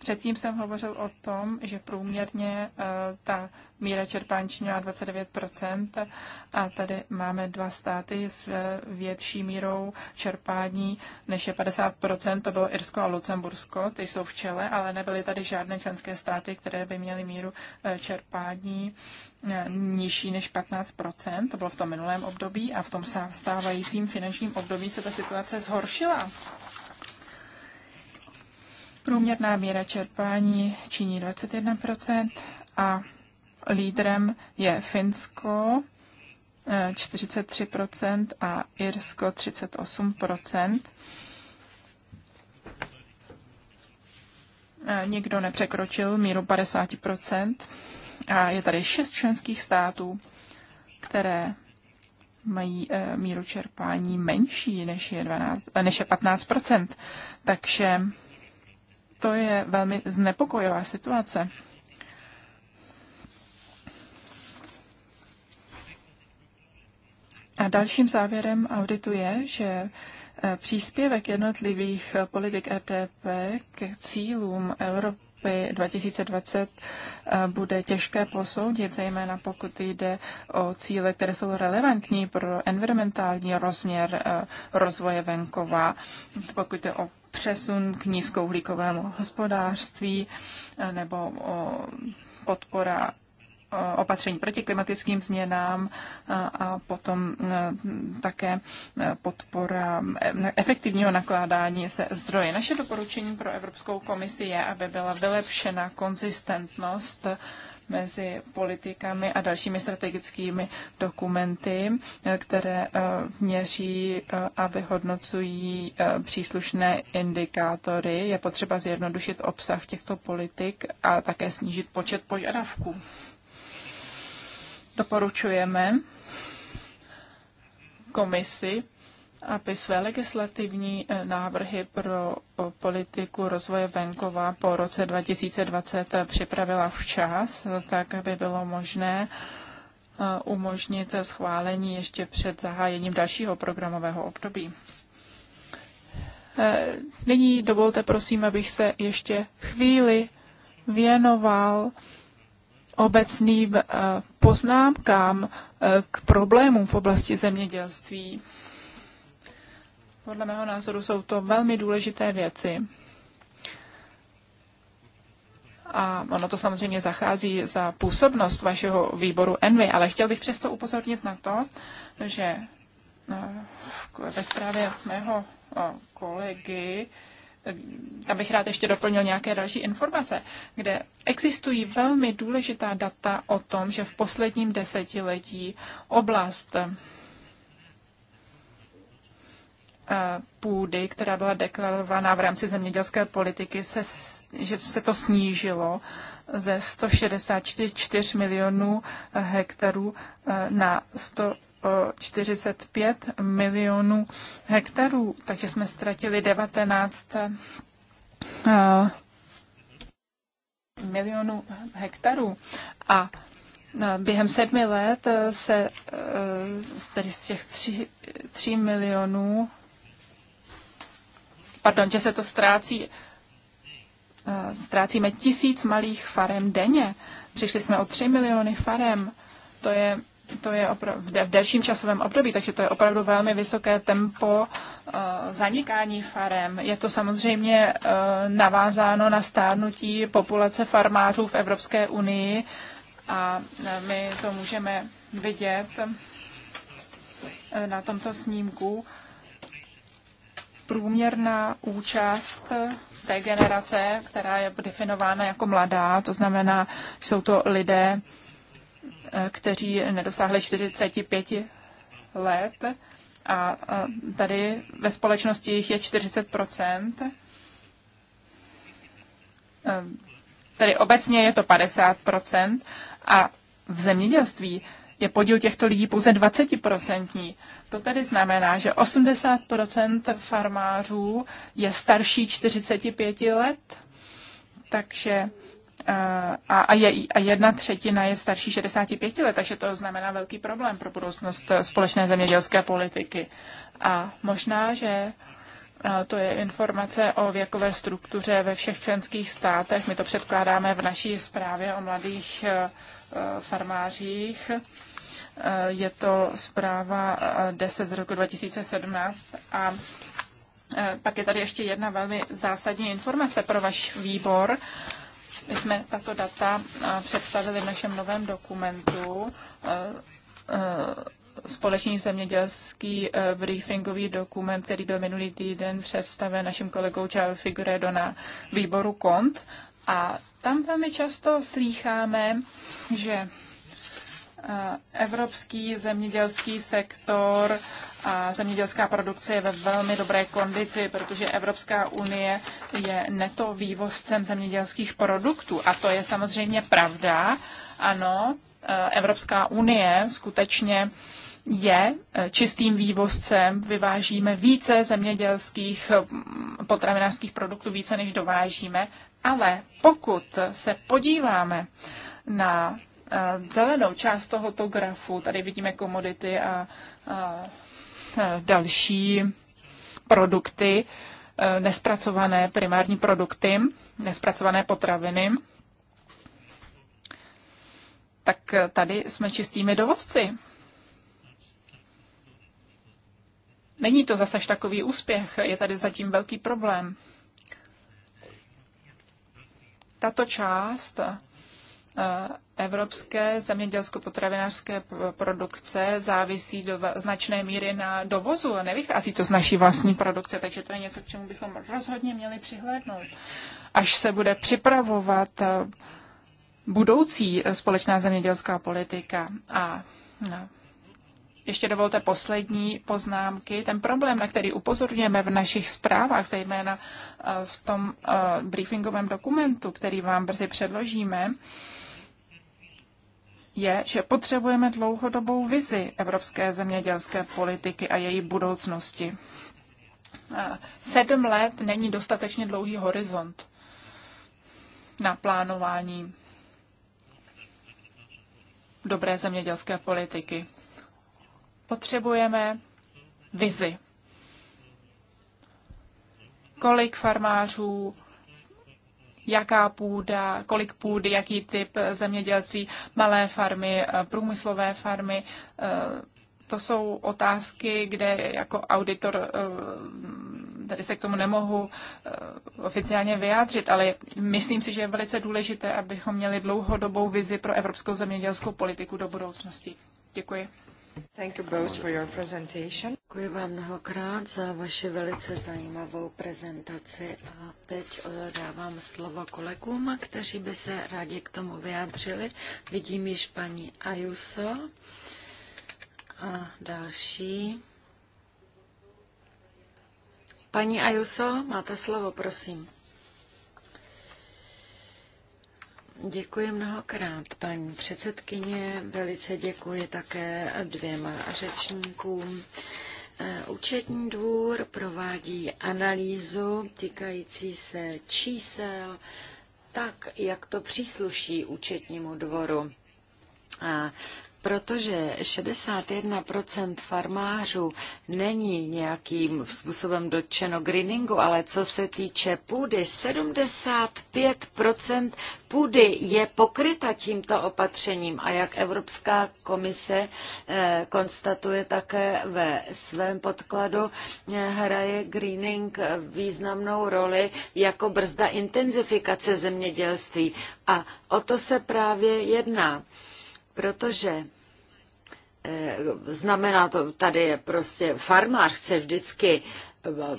Předtím jsem hovořil o tom, že průměrně eh, ta míra čerpání činila 29% a tady máme dva státy s eh, větší mírou čerpání než je 50%, to bylo Irsko a Lucembursko, ty jsou v čele, ale nebyly tady žádné členské státy, které by měly míru eh, čerpání nižší než 15%, to bylo v tom minulém období a v tom stávajícím finančním období se ta situace zhoršila. Průměrná míra čerpání činí 21% a lídrem je Finsko 43% eh, a Irsko 38%. Eh, nikdo nepřekročil míru 50%. A je tady šest členských států, které mají eh, míru čerpání menší než je, 12, než je 15%. Takže to je velmi znepokojivá situace. A dalším závěrem auditu je, že eh, příspěvek jednotlivých eh, politik RTP k cílům Evropy 2020 eh, bude těžké posoudit, zejména pokud jde o cíle, které jsou relevantní pro environmentální rozměr rozvoje venkova, pokud jde o přesun k nízkouhlíkovému hospodářství eh, nebo podpora opatření proti klimatickým změnám eh, a potom eh, také podpora efektivního nakládání se zdroje. Naše doporučení pro Evropskou komisi je, aby byla vylepšena konzistentnost mezi politikami a dalšími strategickými dokumenty, které eh, měří eh, a vyhodnocují eh, příslušné indikátory. Je potřeba zjednodušit obsah těchto politik a také snížit počet požadavků. Doporučujeme komisi aby své legislativní eh, návrhy pro politiku rozvoje venkova po roce 2020 eh, připravila včas, tak aby bylo možné eh, umožnit schválení ještě před zahájením dalšího programového období. Nyní dovolte prosím, abych se ještě chvíli věnoval obecným poznámkám k problémům v oblasti zemědělství podle mého názoru jsou to velmi důležité věci. A ono to samozřejmě zachází za působnost vašeho výboru Envy, ale chtěl bych přesto upozornit na to, že no, ve zprávě mého kolegy eh, tam bych rád ještě doplnil nějaké další informace, kde existují velmi důležitá data o tom, že v posledním desetiletí oblast Eh, půdy, která byla deklarovaná v rámci zemědělské politiky, se, že se to snížilo ze 164 milionů eh, hektarů eh, na 145 milionů hektarů, takže jsme ztratili 19 milionů hektarů. A Během sedmi let se z těch tří, tří milionů pardon, že se to ztrácí, eh, ztrácíme tisíc malých farem denně. Přišli jsme o tři miliony farem. To je, to je v, de- v delším časovém období, takže to je opravdu velmi vysoké tempo uh, zanikání farem. Je to samozřejmě uh, navázáno na stárnutí populace farmářů v Evropské unii a my to můžeme vidět na tomto snímku. Uh, průměrná účast té generace, která je definována jako mladá, to znamená, že jsou to lidé, eh, kteří nedosáhli 45 let a eh, tady ve společnosti jich je 40 eh, Tedy obecně je to 50 a v zemědělství je podíl těchto lidí pouze 20%. To tedy znamená, že 80% farmářů je starší 45 let, takže eh, a, a, je, a jedna třetina je starší 65 let, takže to znamená velký problém pro budoucnost eh, společné zemědělské politiky. A možná, že to je informace o věkové struktuře ve všech členských státech. My to předkládáme v naší zprávě o mladých e, e, farmářích. E, je to zpráva 10 z roku 2017 a pak je tady ještě jedna velmi zásadní informace pro váš výbor. My jsme tato data představili v našem novém dokumentu společný zemědělský eh, briefingový dokument, který byl minulý týden představen našim kolegou Charles Figueredo na výboru KONT. A tam velmi často slýcháme, že eh, evropský zemědělský sektor a zemědělská produkce je ve velmi dobré kondici, protože Evropská unie je neto vývozcem zemědělských produktů. A to je samozřejmě pravda. Ano, eh, Evropská unie skutečně je eh, čistým vývozcem, vyvážíme více zemědělských eh, potravinářských produktů, více než dovážíme, ale pokud se podíváme na eh, zelenou část tohoto grafu, tady vidíme komodity a, a další produkty, nespracované primární produkty, nespracované potraviny, tak tady jsme čistými dovozci. Není to zase takový úspěch, je tady zatím velký problém. Tato část eh, evropské zemědělsko-potravinářské produkce závisí do značné míry na dovozu a nevychází to z naší vlastní produkce, takže to je něco, k čemu bychom rozhodně měli přihlédnout. Až se bude připravovat eh, budoucí eh, společná zemědělská politika a ještě dovolte poslední poznámky. Ten problém, na který upozorňujeme v našich zprávách, zejména eh, v tom eh, briefingovém dokumentu, který vám brzy předložíme, je, že potřebujeme dlouhodobou vizi evropské zemědělské politiky a její budoucnosti. Eh, sedm let není dostatečně dlouhý horizont na plánování dobré zemědělské politiky. Potřebujeme vizi. Kolik farmářů, jaká půda, kolik půdy, jaký typ zemědělství, malé farmy, eh, průmyslové farmy. Eh, to jsou otázky, kde jako auditor eh, tady se k tomu nemohu oficiálně vyjádřit, ale myslím si, že je velice důležité, abychom měli dlouhodobou vizi pro evropskou zemědělskou politiku do budoucnosti. Děkuji. Thank you both for your presentation. Děkuji vám mnohokrát za vaši velice zajímavou prezentaci a teď eh, dávám slovo kolegům, kteří by se rádi k tomu vyjádřili. Vidím již paní Ayuso a další. Paní Ayuso, máte slovo, prosím. Děkuji mnohokrát, paní předsedkyně. Velice děkuji také dvěma řečníkům. Eh, účetní dvůr provádí analýzu týkající se čísel, tak jak to přísluší účetnímu dvoru. A protože 61% farmářů není nějakým způsobem dotčeno greeningu, ale co se týče půdy, 75% půdy je pokryta tímto opatřením a jak Evropská komise eh, konstatuje také ve svém podkladu, eh, hraje greening eh, významnou roli jako brzda intenzifikace zemědělství a o to se právě jedná protože Eh, znamená to, tady je prostě farmář chce vždycky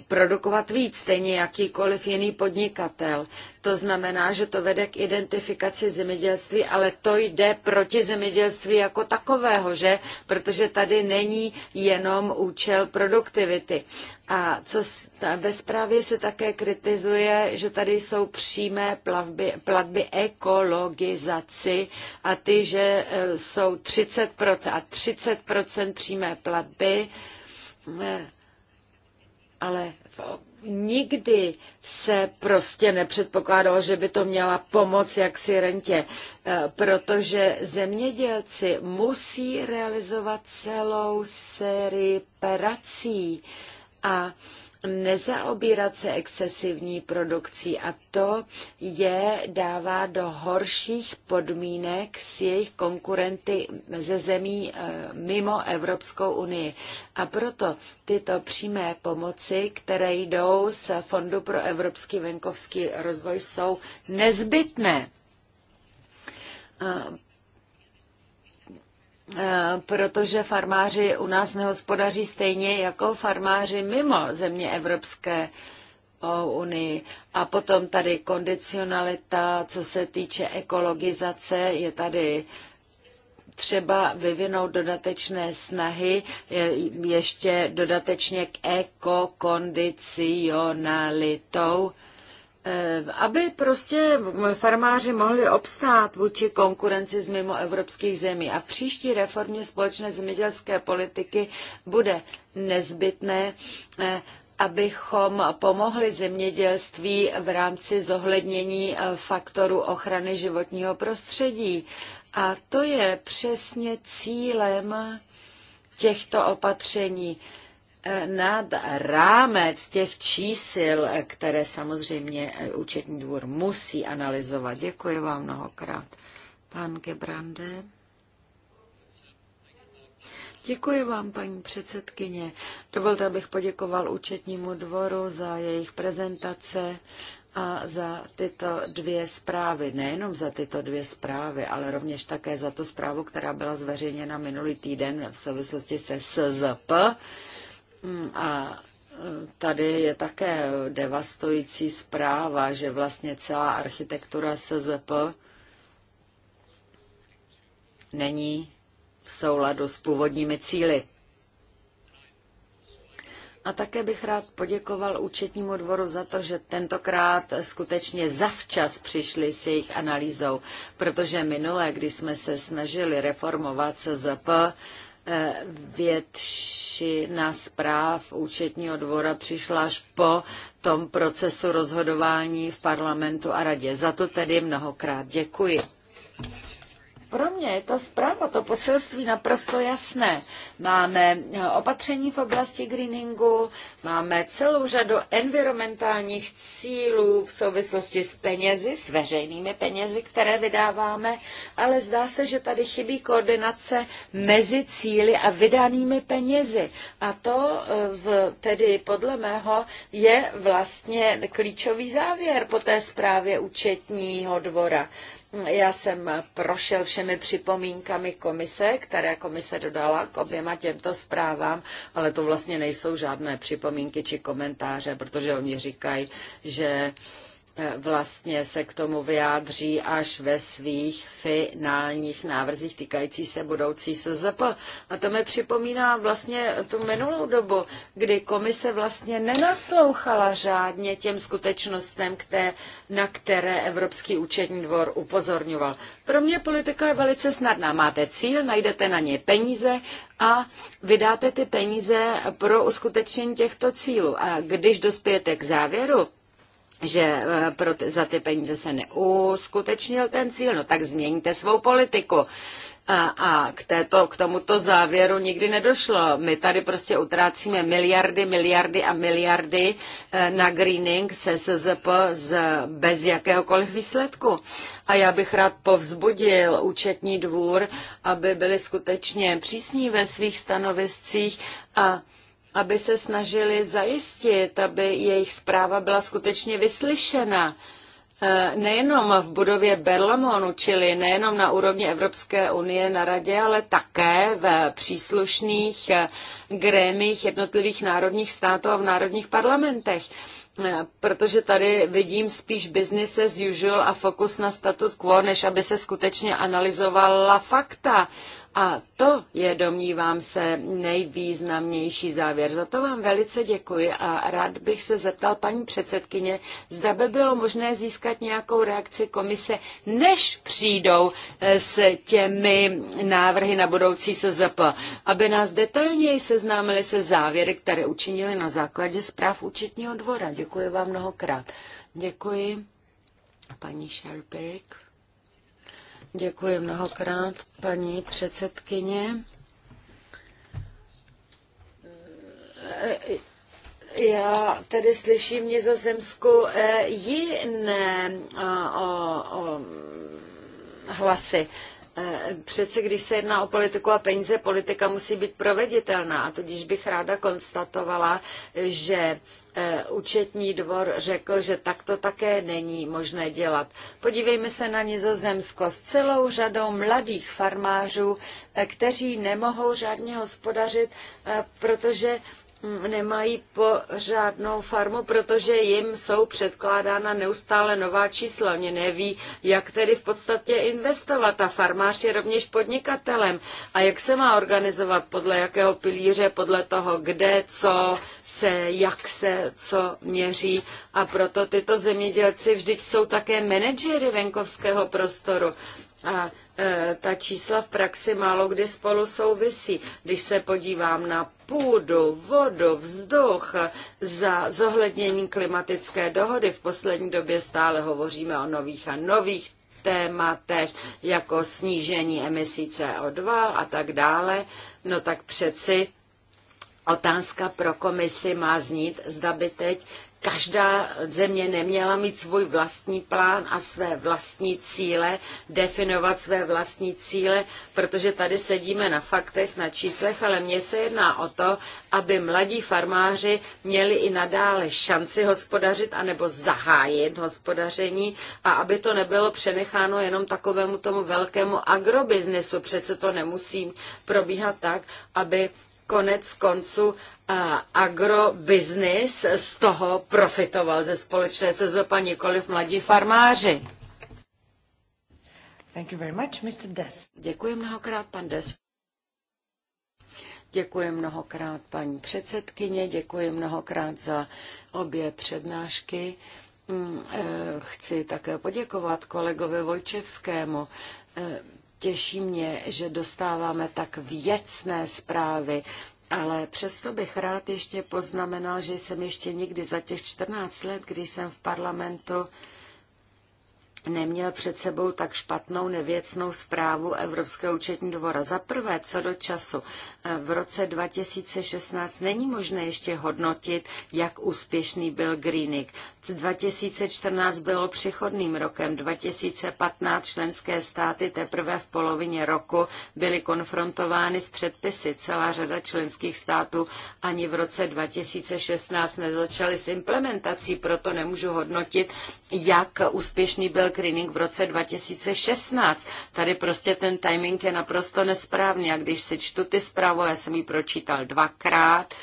produkovat víc, stejně jakýkoliv jiný podnikatel. To znamená, že to vede k identifikaci zemědělství, ale to jde proti zemědělství jako takového, že? Protože tady není jenom účel produktivity. A co ve zprávě se také kritizuje, že tady jsou přímé platby ekologizaci a ty, že e, jsou 30% a 30% přímé platby e, ale nikdy se prostě nepředpokládalo, že by to měla pomoc jaksi rentě, e, protože zemědělci musí realizovat celou sérii prací a nezaobírat se excesivní produkcí a to je dává do horších podmínek s jejich konkurenty ze zemí eh, mimo Evropskou unii. A proto tyto přímé pomoci, které jdou z Fondu pro evropský venkovský rozvoj, jsou nezbytné Eh, protože farmáři u nás nehospodaří stejně jako farmáři mimo země Evropské unii. A potom tady kondicionalita, co se týče ekologizace, je tady třeba vyvinout dodatečné snahy ještě dodatečně k ekokondicionalitou Eh, aby prostě farmáři mohli obstát vůči konkurenci z mimo evropských zemí. A v příští reformě společné zemědělské politiky bude nezbytné, eh, abychom pomohli zemědělství v rámci zohlednění eh, faktoru ochrany životního prostředí. A to je přesně cílem těchto opatření nad rámec těch čísel, které samozřejmě eh, účetní dvůr musí analyzovat. Děkuji vám mnohokrát. Pan Gebrande. Děkuji vám, paní předsedkyně. Dovolte, abych poděkoval účetnímu dvoru za jejich prezentace a za tyto dvě zprávy, nejenom za tyto dvě zprávy, ale rovněž také za tu zprávu, která byla zveřejněna minulý týden v souvislosti se SZP Hmm, a eh, tady je také devastující zpráva, že vlastně celá architektura SZP není v souladu s původními cíly. A také bych rád poděkoval účetnímu dvoru za to, že tentokrát skutečně zavčas přišli s jejich analýzou, protože minule, když jsme se snažili reformovat SZP, většina zpráv účetního dvora přišla až po tom procesu rozhodování v parlamentu a radě. Za to tedy mnohokrát děkuji. Pro mě je to zpráva, to poselství naprosto jasné. Máme eh, opatření v oblasti greeningu, máme celou řadu environmentálních cílů v souvislosti s penězi, s veřejnými penězi, které vydáváme, ale zdá se, že tady chybí koordinace mezi cíly a vydanými penězi. A to eh, v, tedy podle mého je vlastně klíčový závěr po té zprávě účetního dvora. Já jsem prošel všemi připomínkami komise, které komise dodala k oběma těmto zprávám, ale to vlastně nejsou žádné připomínky či komentáře, protože oni říkají, že vlastně se k tomu vyjádří až ve svých finálních návrzích týkající se budoucí SZP. A to mi připomíná vlastně tu minulou dobu, kdy komise vlastně nenaslouchala řádně těm skutečnostem, které, na které Evropský účetní dvor upozorňoval. Pro mě politika je velice snadná. Máte cíl, najdete na ně peníze a vydáte ty peníze pro uskutečnění těchto cílů. A když dospějete k závěru, že eh, pro ty, za ty peníze se neuskutečnil ten cíl, no tak změníte svou politiku. A, a k, této, k tomuto závěru nikdy nedošlo. My tady prostě utrácíme miliardy, miliardy a miliardy eh, na greening se SZP z, bez jakéhokoliv výsledku. A já bych rád povzbudil účetní dvůr, aby byli skutečně přísní ve svých stanoviscích a aby se snažili zajistit, aby jejich zpráva byla skutečně vyslyšena. Eh, nejenom v budově Berlamonu, čili nejenom na úrovni Evropské unie na radě, ale také v příslušných eh, grémích jednotlivých národních států a v národních parlamentech. Eh, protože tady vidím spíš business as usual a fokus na statut quo, než aby se skutečně analyzovala fakta. A to je, domnívám se, nejvýznamnější závěr. Za to vám velice děkuji a rád bych se zeptal paní předsedkyně, zda by bylo možné získat nějakou reakci komise, než přijdou eh, s těmi návrhy na budoucí SZP, aby nás detailněji seznámili se závěry, které učinili na základě zpráv účetního dvora. Děkuji vám mnohokrát. Děkuji. Paní Šerpirik. Děkuji mnohokrát, paní předsedkyně. Já tady slyším Nizozemsku eh, jiné eh, o, o, hlasy. Eh, přece když se jedná o politiku a peníze, politika musí být proveditelná. A tudíž bych ráda konstatovala, že eh, účetní dvor řekl, že takto také není možné dělat. Podívejme se na Nizozemsko s celou řadou mladých farmářů, eh, kteří nemohou řádně hospodařit, protože Mm, nemají pořádnou farmu, protože jim jsou předkládána neustále nová čísla. Oni neví, jak tedy v podstatě investovat. A farmář je rovněž podnikatelem. A jak se má organizovat, podle jakého pilíře, podle toho, kde, co se, jak se, co měří. A proto tyto zemědělci vždyť jsou také manažery venkovského prostoru. A e, ta čísla v praxi málo kdy spolu souvisí. Když se podívám na půdu, vodu, vzduch, za zohlednění klimatické dohody v poslední době stále hovoříme o nových a nových tématech, jako snížení emisí CO2 a tak dále, no tak přeci Otázka pro komisi má znít, zda by teď každá země neměla mít svůj vlastní plán a své vlastní cíle, definovat své vlastní cíle, protože tady sedíme na faktech, na číslech, ale mně se jedná o to, aby mladí farmáři měli i nadále šanci hospodařit anebo zahájit hospodaření a aby to nebylo přenecháno jenom takovému tomu velkému agrobiznesu. Přece to nemusí probíhat tak, aby konec konců agrobiznis z toho profitoval ze společné SZP, nikoliv mladí farmáři. Thank you very much, Mr. Des. Děkuji mnohokrát, pan Des. Děkuji mnohokrát paní předsedkyně, děkuji mnohokrát za obě přednášky. Mm, eh, chci také poděkovat kolegovi Vojčevskému. Eh, Těší mě, že dostáváme tak věcné zprávy, ale přesto bych rád ještě poznamenal, že jsem ještě nikdy za těch 14 let, kdy jsem v parlamentu, neměl před sebou tak špatnou nevěcnou zprávu Evropského účetní dvora. Za prvé, co do času, e, v roce 2016 není možné ještě hodnotit, jak úspěšný byl Greening. 2014 bylo přechodným rokem, 2015 členské státy teprve v polovině roku byly konfrontovány s předpisy. Celá řada členských států ani v roce 2016 nezačaly s implementací, proto nemůžu hodnotit, jak úspěšný byl screening v roce 2016. Tady prostě ten timing je naprosto nesprávný a když se čtu ty zprávy, já jsem ji pročítal dvakrát,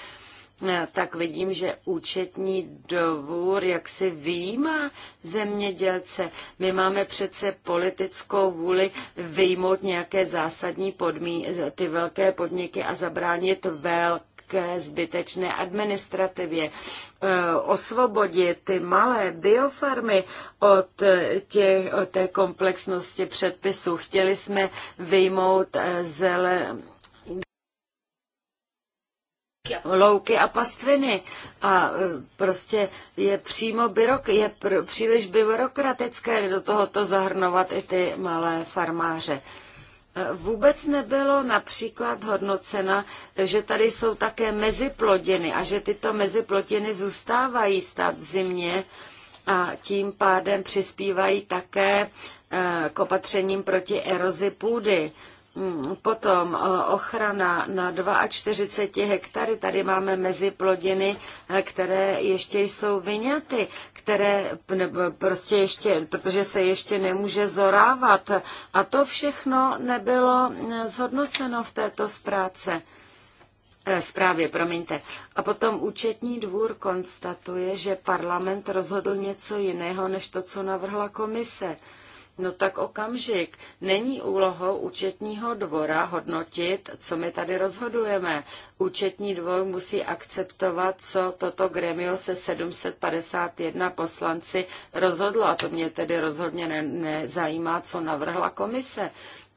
eh, tak vidím, že účetní dovůr jak si výjímá zemědělce. My máme přece politickou vůli vyjmout nějaké zásadní podmí, ty velké podniky a zabránit velké ke zbytečné administrativě, eh, osvobodit ty malé biofarmy od, eh, těch, od té komplexnosti předpisů. Chtěli jsme vyjmout eh, zele, louky a pastviny. A prostě je přímo byrok, je pr- příliš byrokratické do tohoto zahrnovat i ty malé farmáře. Vůbec nebylo například hodnocena, že tady jsou také meziplodiny a že tyto meziplodiny zůstávají stát v zimě a tím pádem přispívají také eh, k opatřením proti erozi půdy. Mm, potom eh, ochrana na 42 hektary. Tady máme mezi plodiny, eh, které ještě jsou vyňaty, které prostě ještě, protože se ještě nemůže zorávat. A to všechno nebylo eh, zhodnoceno v této zpráce. Zprávě, promiňte. A potom účetní dvůr konstatuje, že parlament rozhodl něco jiného, než to, co navrhla komise. No tak okamžik. Není úlohou účetního dvora hodnotit, co my tady rozhodujeme. Účetní dvor musí akceptovat, co toto gremio se 751 poslanci rozhodlo. A to mě tedy rozhodně ne, nezajímá, co navrhla komise.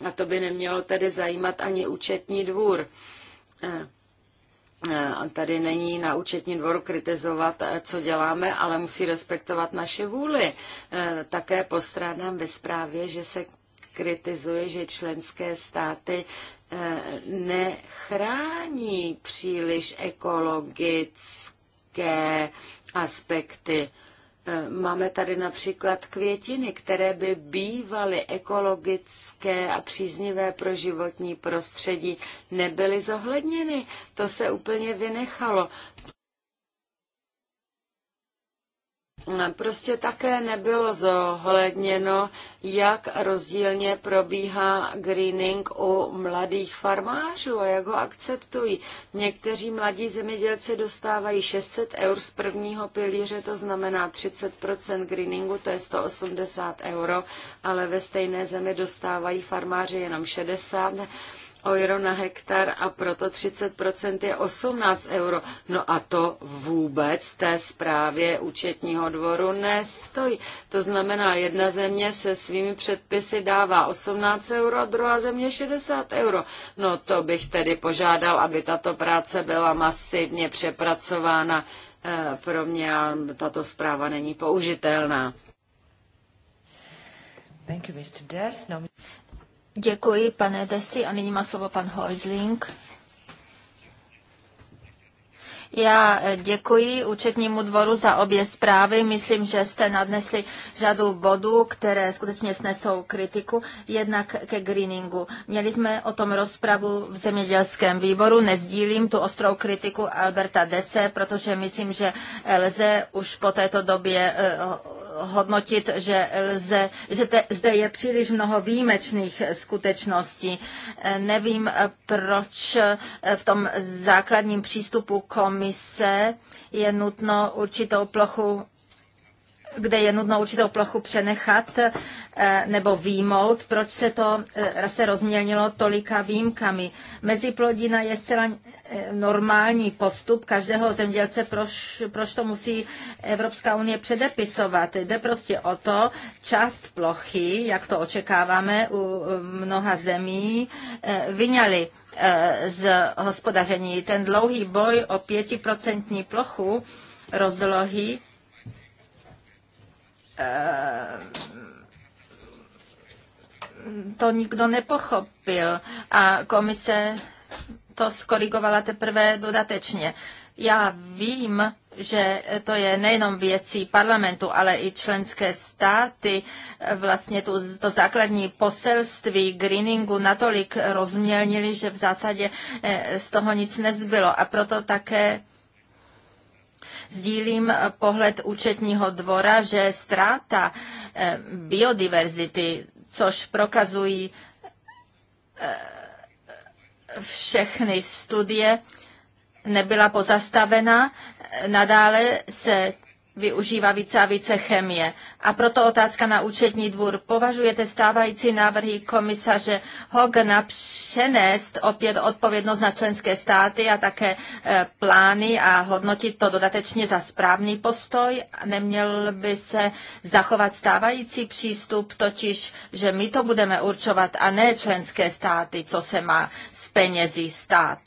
A to by nemělo tedy zajímat ani účetní dvůr. Eh tady není na účetní dvoru kritizovat, eh, co děláme, ale musí respektovat naše vůli. Eh, také postrádám ve zprávě, že se kritizuje, že členské státy eh, nechrání příliš ekologické aspekty. Máme tady například květiny, které by bývaly ekologické a příznivé pro životní prostředí, nebyly zohledněny. To se úplně vynechalo. prostě také nebylo zohledněno, jak rozdílně probíhá greening u mladých farmářů a jak ho akceptují. Někteří mladí zemědělci dostávají 600 eur z prvního pilíře, to znamená 30 greeningu, to je 180 euro, ale ve stejné zemi dostávají farmáři jenom 60 euro na hektar a proto 30% je 18 euro. No a to vůbec té zprávě účetního dvoru nestojí. To znamená, jedna země se svými předpisy dává 18 euro, a druhá země 60 euro. No to bych tedy požádal, aby tato práce byla masivně přepracována. Eh, pro mě tato zpráva není použitelná. Thank you, Mr. Des. No... Děkuji, pane Desi. A nyní má slovo pan Heusling. Já eh, děkuji účetnímu dvoru za obě zprávy. Myslím, že jste nadnesli řadu bodů, které skutečně snesou kritiku, jednak ke greeningu. Měli jsme o tom rozpravu v zemědělském výboru. Nezdílím tu ostrou kritiku Alberta Dese, protože myslím, že lze už po této době eh, hodnotit, že, lze, že te, zde je příliš mnoho výjimečných skutečností. Eh, nevím, proč eh, v tom základním přístupu komise je nutno určitou plochu kde je nutno určitou plochu přenechat eh, nebo výmout, proč se to eh, se rozmělnilo tolika výjimkami. Meziplodina je zcela eh, normální postup každého zemědělce, proč, proč to musí Evropská unie předepisovat. Jde prostě o to, část plochy, jak to očekáváme u mnoha zemí, vyňali z hospodaření. Ten dlouhý boj o pětiprocentní plochu rozlohy Eh, to nikdo nepochopil a komise to skorigovala teprve dodatečně. Já vím, že to je nejenom věcí parlamentu, ale i členské státy. Vlastně tu, to základní poselství greeningu natolik rozmělnili, že v zásadě eh, z toho nic nezbylo. A proto také Sdílím eh, pohled účetního dvora, že ztráta eh, biodiverzity, což prokazují eh, všechny studie, nebyla pozastavena. Nadále se využívá více a více chemie. A proto otázka na účetní dvůr. Považujete stávající návrhy komisaře Hogna přenést opět odpovědnost na členské státy a také eh, plány a hodnotit to dodatečně za správný postoj? Neměl by se zachovat stávající přístup, totiž, že my to budeme určovat a ne členské státy, co se má z penězí stát?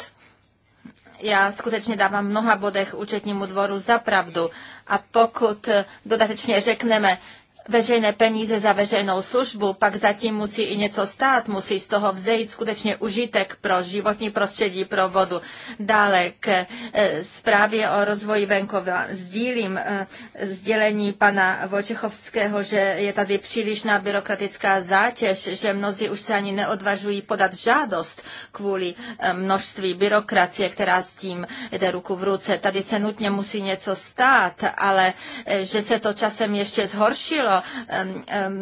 já skutečně dávám v mnoha bodech účetnímu dvoru za pravdu. A pokud dodatečně řekneme, veřejné peníze za veřejnou službu, pak zatím musí i něco stát, musí z toho vzejít skutečně užitek pro životní prostředí, pro vodu. Dále k eh, zprávě o rozvoji venkova sdílím eh, sdělení pana Vočechovského, že je tady přílišná byrokratická zátěž, že mnozí už se ani neodvažují podat žádost kvůli eh, množství byrokracie, která s tím jde ruku v ruce. Tady se nutně musí něco stát, ale že se to časem ještě zhoršilo, Ehm, ehm,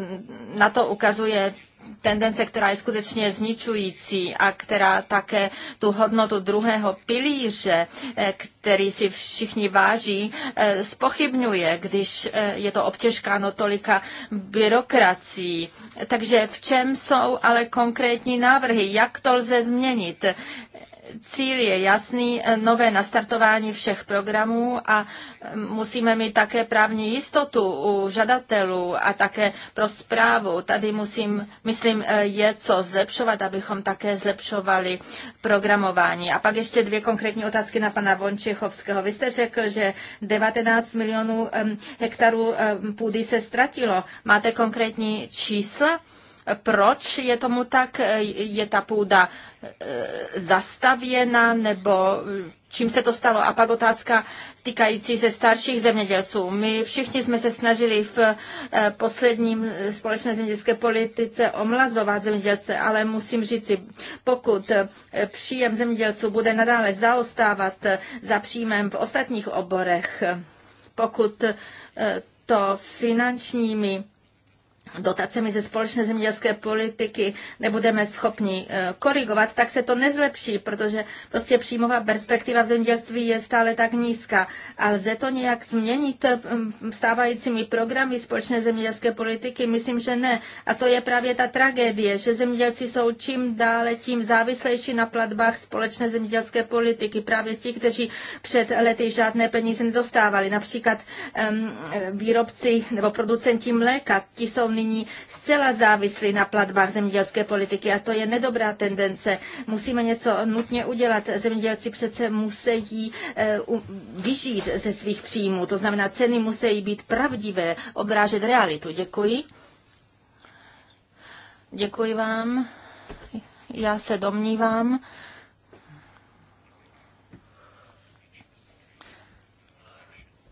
na to ukazuje tendence, která je skutečně zničující a která také tu hodnotu druhého pilíře, eh, který si všichni váží, eh, spochybňuje, když eh, je to obtěžkáno tolika byrokracií. Takže v čem jsou ale konkrétní návrhy? Jak to lze změnit? Cíl je jasný, eh, nové nastartování všech programů a eh, musíme mít také právní jistotu u žadatelů a také pro zprávu. Tady musím, myslím, eh, je co zlepšovat, abychom také zlepšovali programování. A pak ještě dvě konkrétní otázky na pana Vončichovského. Vy jste řekl, že 19 milionů hektarů půdy se ztratilo. Máte konkrétní čísla? proč je tomu tak, je ta půda e, zastavěna nebo čím se to stalo. A pak otázka týkající se starších zemědělců. My všichni jsme se snažili v e, posledním společné zemědělské politice omlazovat zemědělce, ale musím říci, pokud e, příjem zemědělců bude nadále zaostávat za příjmem v ostatních oborech, pokud to finančními dotacemi ze společné zemědělské politiky nebudeme schopni eh, korigovat, tak se to nezlepší, protože prostě příjmová perspektiva v zemědělství je stále tak nízká. A lze to nějak změnit eh, stávajícími programy společné zemědělské politiky? Myslím, že ne. A to je právě ta tragédie, že zemědělci jsou čím dále tím závislejší na platbách společné zemědělské politiky. Právě ti, kteří před lety žádné peníze nedostávali. Například um, výrobci nebo producenti mléka, ti jsou nyní nyní zcela závislí na platbách zemědělské politiky a to je nedobrá tendence. Musíme něco nutně udělat. Zemědělci přece musí eh, vyžít ze svých příjmů, to znamená ceny musí být pravdivé, obrážet realitu. Děkuji. Děkuji vám. Já se domnívám,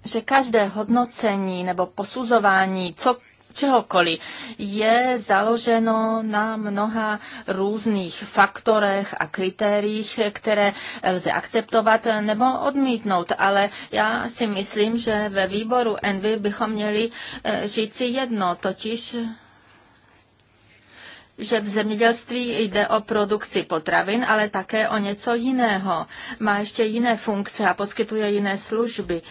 že každé hodnocení nebo posuzování, co čehokoliv, je založeno na mnoha různých faktorech a kritériích, které lze akceptovat nebo odmítnout. Ale já si myslím, že ve výboru Envy bychom měli eh, říci jedno, totiž že v zemědělství jde o produkci potravin, ale také o něco jiného. Má ještě jiné funkce a poskytuje jiné služby.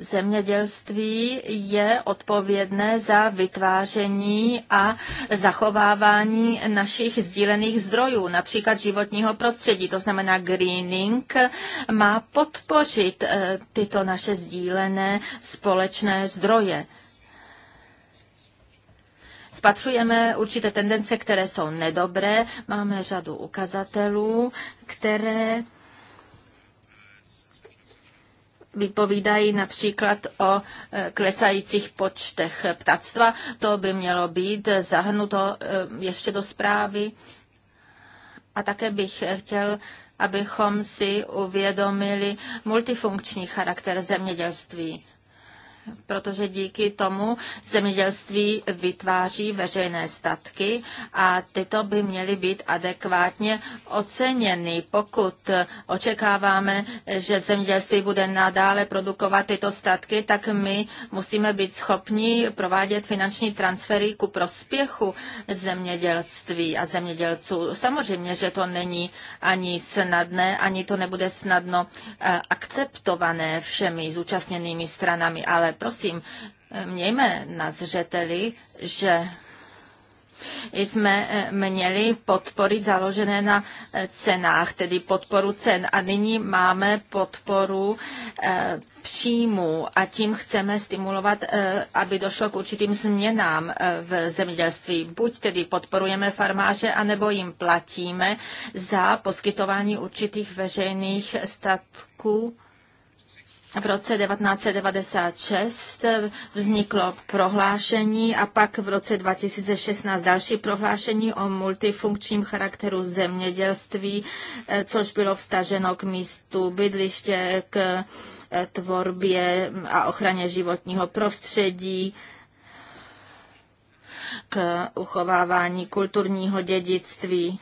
Zemědělství je odpovědné za vytváření a zachovávání našich sdílených zdrojů, například životního prostředí, to znamená greening, má podpořit eh, tyto naše sdílené společné zdroje spatřujeme určité tendence, které jsou nedobré. Máme řadu ukazatelů, které vypovídají například o e, klesajících počtech ptactva. To by mělo být zahrnuto e, ještě do zprávy. A také bych chtěl abychom si uvědomili multifunkční charakter zemědělství protože díky tomu zemědělství vytváří veřejné statky a tyto by měly být adekvátně oceněny. Pokud očekáváme, že zemědělství bude nadále produkovat tyto statky, tak my musíme být schopni provádět finanční transfery ku prospěchu zemědělství a zemědělců. Samozřejmě, že to není ani snadné, ani to nebude snadno eh, akceptované všemi zúčastněnými stranami, ale prosím, mějme na zřeteli, že jsme eh, měli podpory založené na eh, cenách, tedy podporu cen. A nyní máme podporu eh, příjmů a tím chceme stimulovat, aby došlo k určitým změnám v zemědělství. Buď tedy podporujeme farmáře, anebo jim platíme za poskytování určitých veřejných statků v roce 1996 vzniklo prohlášení a pak v roce 2016 další prohlášení o multifunkčním charakteru zemědělství, eh, což bylo vstaženo k místu bydliště, k eh, tvorbě a ochraně životního prostředí k uchovávání kulturního dědictví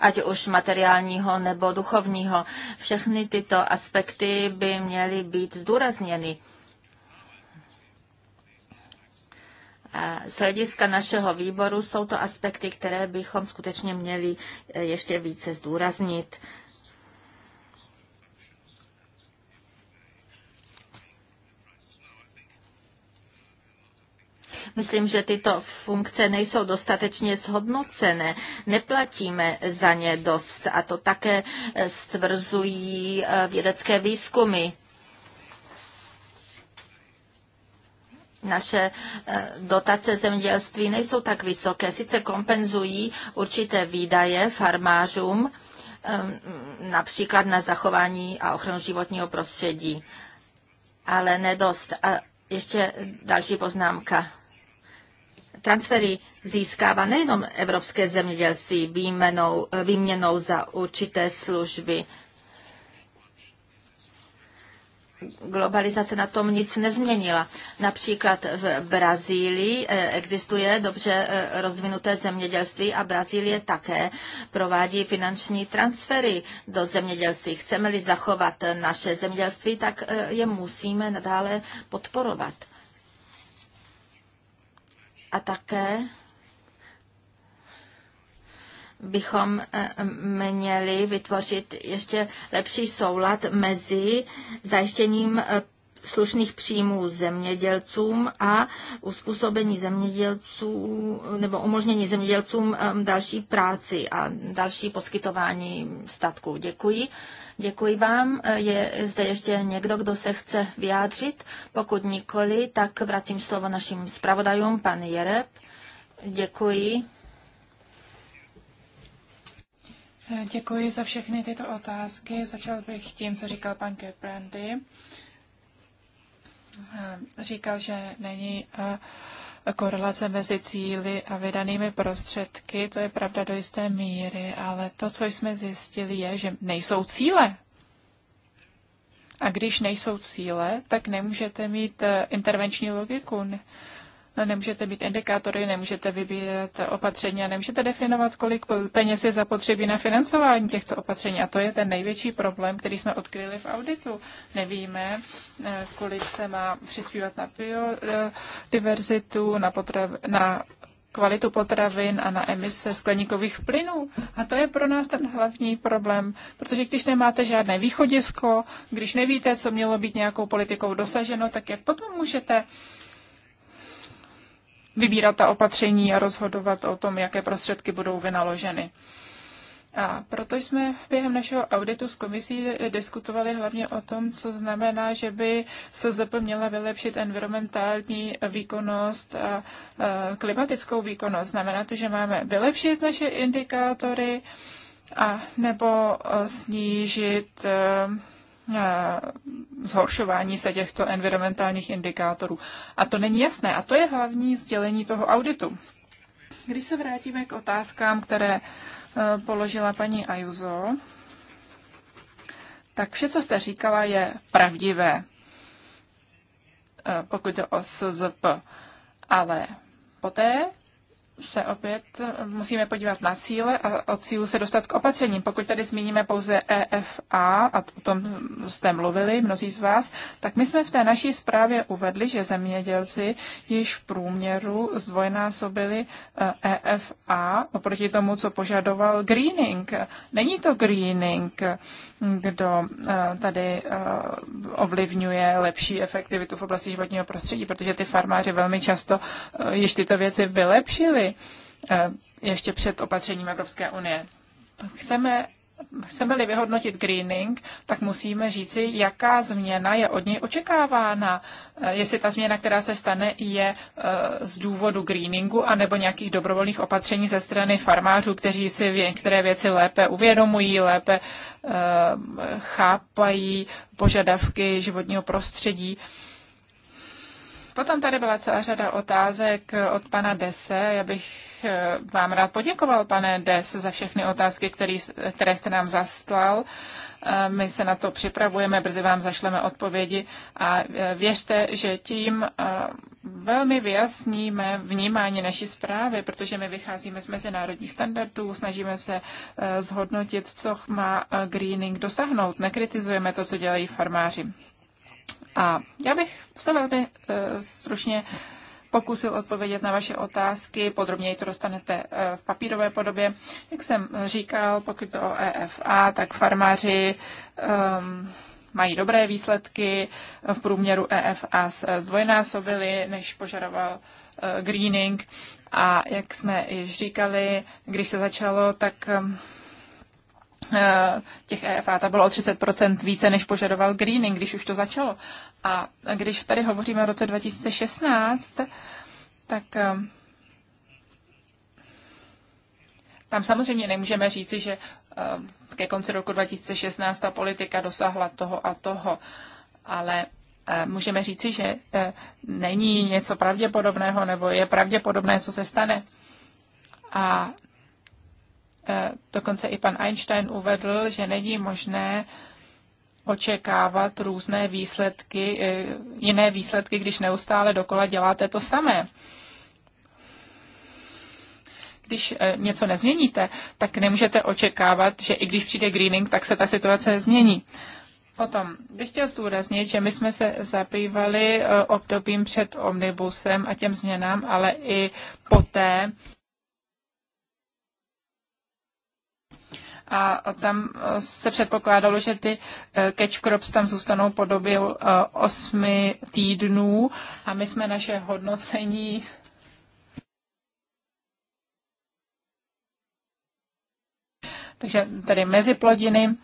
ať už materiálního nebo duchovního. Všechny tyto aspekty by měly být zdůrazněny. Z hlediska našeho výboru jsou to aspekty, které bychom skutečně měli e, ještě více zdůraznit. Myslím, že tyto funkce nejsou dostatečně shodnocené. Neplatíme za ně dost a to také eh, stvrzují eh, vědecké výzkumy. naše eh, dotace zemědělství nejsou tak vysoké. Sice kompenzují určité výdaje farmářům, ehm, například na zachování a ochranu životního prostředí, ale nedost. A ještě další poznámka transfery získává nejenom evropské zemědělství výměnou, výměnou za určité služby. Globalizace na tom nic nezměnila. Například v Brazílii eh, existuje dobře eh, rozvinuté zemědělství a Brazílie také provádí finanční transfery do zemědělství. Chceme-li zachovat naše zemědělství, tak eh, je musíme nadále podporovat. A také bychom eh, měli vytvořit ještě lepší soulad mezi zajištěním eh, slušných příjmů zemědělcům a uspůsobení zemědělců nebo umožnění zemědělcům další práci a další poskytování statků. Děkuji. Děkuji vám. Je zde ještě někdo, kdo se chce vyjádřit? Pokud nikoli, tak vracím slovo našim zpravodajům, pan Jereb. Děkuji. Děkuji za všechny tyto otázky. Začal bych tím, co říkal pan Gerbrandy. Eh, říkal, že není eh, korelace mezi cíly a vydanými prostředky. To je pravda do jisté míry, ale to, co jsme zjistili, je, že nejsou cíle. A když nejsou cíle, tak nemůžete mít eh, intervenční logiku nemůžete mít indikátory, nemůžete vybírat opatření a nemůžete definovat, kolik peněz je zapotřebí na financování těchto opatření. A to je ten největší problém, který jsme odkryli v auditu. Nevíme, eh, kolik se má přispívat na biodiverzitu, na, potrav, na kvalitu potravin a na emise skleníkových plynů. A to je pro nás ten hlavní problém, protože když nemáte žádné východisko, když nevíte, co mělo být nějakou politikou dosaženo, tak jak potom můžete uh, vybírat ta opatření a rozhodovat o tom, jaké prostředky budou vynaloženy. A proto jsme během našeho auditu s komisí diskutovali hlavně o tom, co znamená, že by SZP měla vylepšit environmentální výkonnost a klimatickou výkonnost. Znamená to, že máme vylepšit naše indikátory a nebo snížit Eh, zhoršování se těchto environmentálních indikátorů. A to není jasné. A to je hlavní sdělení toho auditu. Když se vrátíme k otázkám, které eh, položila paní Ajuzo, tak vše, co jste říkala, je pravdivé, eh, pokud jde o SZP. Ale poté se opět musíme podívat na cíle a od cílu se dostat k opatřením. Pokud tady zmíníme pouze EFA, a o tom jste mluvili mnozí z vás, tak my jsme v té naší zprávě uvedli, že zemědělci již v průměru zdvojnásobili EFA eh, e oproti tomu, co požadoval greening. Není to greening, kdo eh, tady eh, ovlivňuje lepší efektivitu v oblasti životního prostředí, protože ty farmáři velmi často již tyto věci vylepšili Eh, ještě před opatřením Evropské unie. Chceme Chceme-li vyhodnotit greening, tak musíme říci, jaká změna je od něj očekávána. Eh, jestli ta změna, která se stane, je eh, z důvodu greeningu anebo nějakých dobrovolných opatření ze strany farmářů, kteří si některé věci lépe uvědomují, lépe chápají požadavky životního prostředí. Potom tady byla celá řada otázek od pana Dese. Já bych eh, vám rád poděkoval, pane Des, za všechny otázky, který, které jste nám zaslal. Eh, my se na to připravujeme, brzy vám zašleme odpovědi a eh, věřte, že tím velmi vyjasníme vnímání naší zprávy, protože my vycházíme z mezinárodních standardů, snažíme se zhodnotit, co má greening dosáhnout. Nekritizujeme to, co dělají farmáři. A já bych se velmi e, stručně pokusil odpovědět na vaše otázky. Podrobněji to dostanete e, v papírové podobě. Jak jsem říkal, pokud to o EFA, tak farmáři um, mají dobré výsledky. V průměru EFA se zdvojnásobili, než požadoval greening. A jak jsme již říkali, když se začalo, tak Eh, těch EFA, ta bylo o 30% více, než požadoval Greening, když už to začalo. A když tady hovoříme o roce 2016, tak eh, tam samozřejmě nemůžeme říci, že eh, ke konci roku 2016 ta politika dosáhla toho a toho, ale můžeme říci, že není něco pravděpodobného nebo je pravděpodobné, co se stane. A Eh, dokonce i pan Einstein uvedl, že není možné očekávat různé výsledky, eh, jiné výsledky, když neustále dokola děláte to samé. Když eh, něco nezměníte, tak nemůžete očekávat, že i když přijde greening, tak se ta situace změní. Potom bych chtěl zdůraznit, že my jsme se zabývali obdobím před omnibusem a těm změnám, ale i poté a tam eh, se předpokládalo, že ty eh, catch crops tam zůstanou po době 8 eh, týdnů a my jsme naše hodnocení [laughs] Takže tady mezi plodiny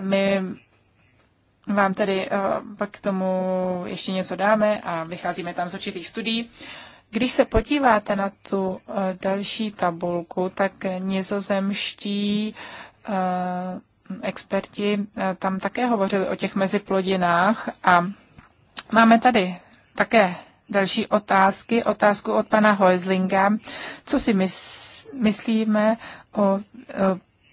my vám tedy pak k tomu ještě něco dáme a vycházíme tam z určitých studií. Když se podíváte na tu eh, další tabulku, tak nizozemští eh, experti eh, tam také hovořili o těch meziplodinách a máme tady také další otázky. Otázku od pana Heuslinga. Co si myslíme o